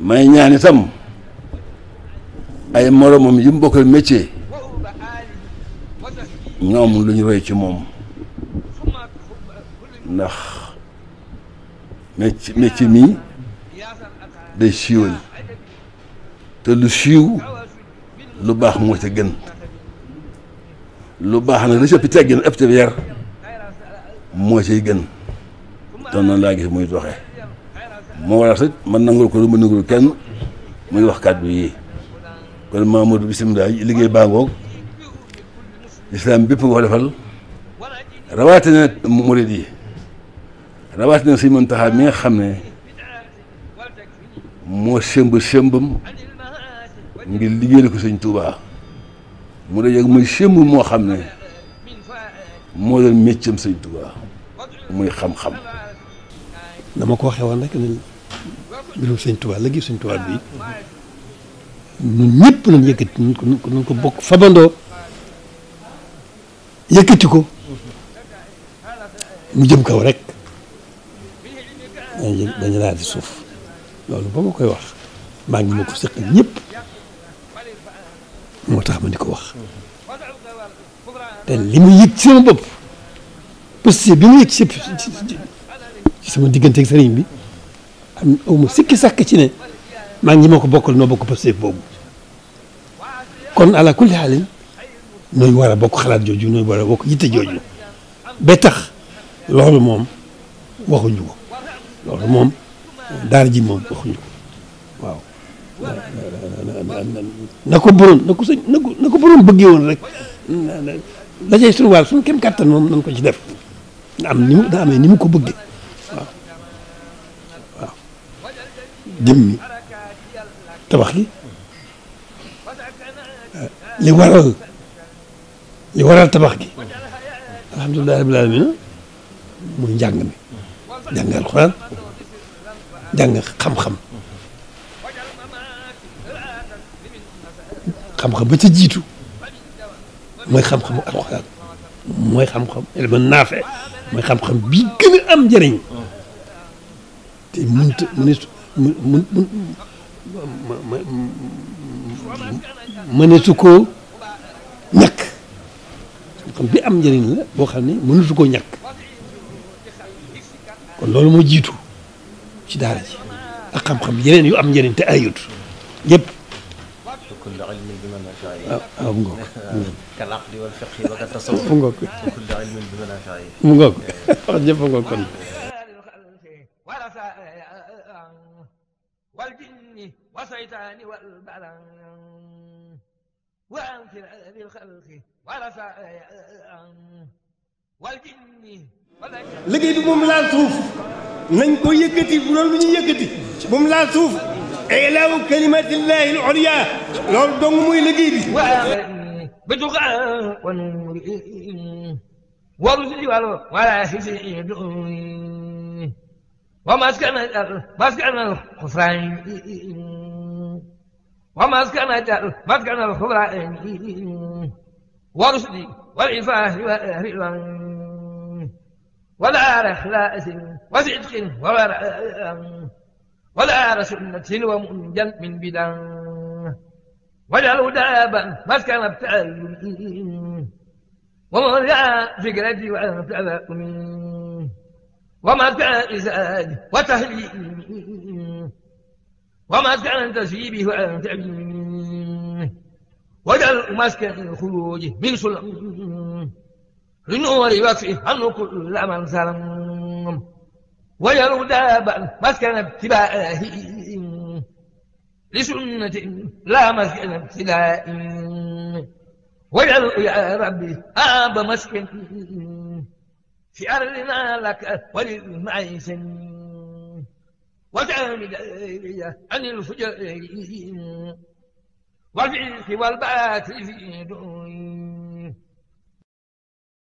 may ñaan itam ay moromam yu mu bokkal métier ñoom lu ñu roy ci moom ndax métier métier mii day siiwal te lu siiw lu baax moo ca gën lu baax nag li ci ëpp teggin ëpp te yar moo ciy gën te noonu laa gis muy doxe moo waral sax man nangul ko lu ma nangul kenn muy wax kàddu yi kon Mamadou bisimilah liggéey baa ngoog lislaam bépp nga ko defal rawatina murid yi rawatina Sëñ Muntaxa mi nga xam ne moo sëmb sëmbam ngir liggéeyal ko Sëñ Tuubaa mu dajeg muy sëmb moo xam ne moo doon méccam Sëñ Tuubaa muy xam-xam dama ko waxee woon rek ne mbirum Sëñ Tuubaa liggéey Sëñ bi ñun ñëpp nañ yëkkati nañ ko nañ ko bokk fabandoo yëkkati ko mu jëm kaw rek dañ laa di suuf loolu ba ma koy wax maa ngi ma ko seqal ñëpp moo tax ma di ko wax te li mu yëg ci sama bopp parce bi mu yëg ci ci sama diggante sëriñ bi am aw mu sikki sàkk ci ne maa ngi ma ko bokkal noo bokk parce que boobu. kon ala kulli xaalin nooy war a bokk xalaat jooju nooy war a bokk yitte jooju ba loolu moom waxuñu ko loolu moom daara ji moom waxuñu ko waaw na ko borom na ko sëñ bëggee woon rek la cay suñu wàll suñu kem kàttan moom nañ ko ci def na am ni ni mu ko bëggee waaw tabax gi li waral li waral tabax gi alhamdulilah rabbil alamin muy njàng mi jàng alxuraan jàng xam-xam xam-xam ba ca jiitu mooy xam-xamu alxuraan mooy xam-xam ilmu naafe mooy xam-xam bi gën a am njëriñ te mënut a mënut mu mu mu mëneesu koo ñàkk xam bi am njëriñ la boo xam ne mëneesu koo ñàkk kon loolu moo jiitu ci daara ji ak xam-xam yeneen yu am njëriñ te ayut yëpp. waaw ah, ah, mu ngoog mu ngoog mu ngoog wax jëpp mu ngoog kon. والجن والشيطان والبلد وعن فعل الخلق ورفع والجن liggéey bi moom laal suuf nañ ko yëkkati bu loolu lu ñuy yëkkati moom laal suuf ilaawu kalimatillahi al ulya loolu dong muy liggéey bi بدقاء ونور ورسل والملاحف ومسكن مسكن الخسران ومسكن مسكن الخبراء ورشدي والعفاف وأهل ولا إخلاص وصدق وورع ولا سنة ومنجا من بدا واجعل دابا مسكن التألم ومرجع فكرتي وأنت ومسكن إزاد وتهليم ومسكا تسيبه وأنتجمه وجل مسكا لخروجه من سلم لنور وكفه حمل كل من سلم وجل دابا مسكا ابتباعه لسنة لا مسكن ابتلاء واجعل يا ربي آب مسكن في أرضنا لك وللمعيشين وجعل عن الفجر والبعث في دون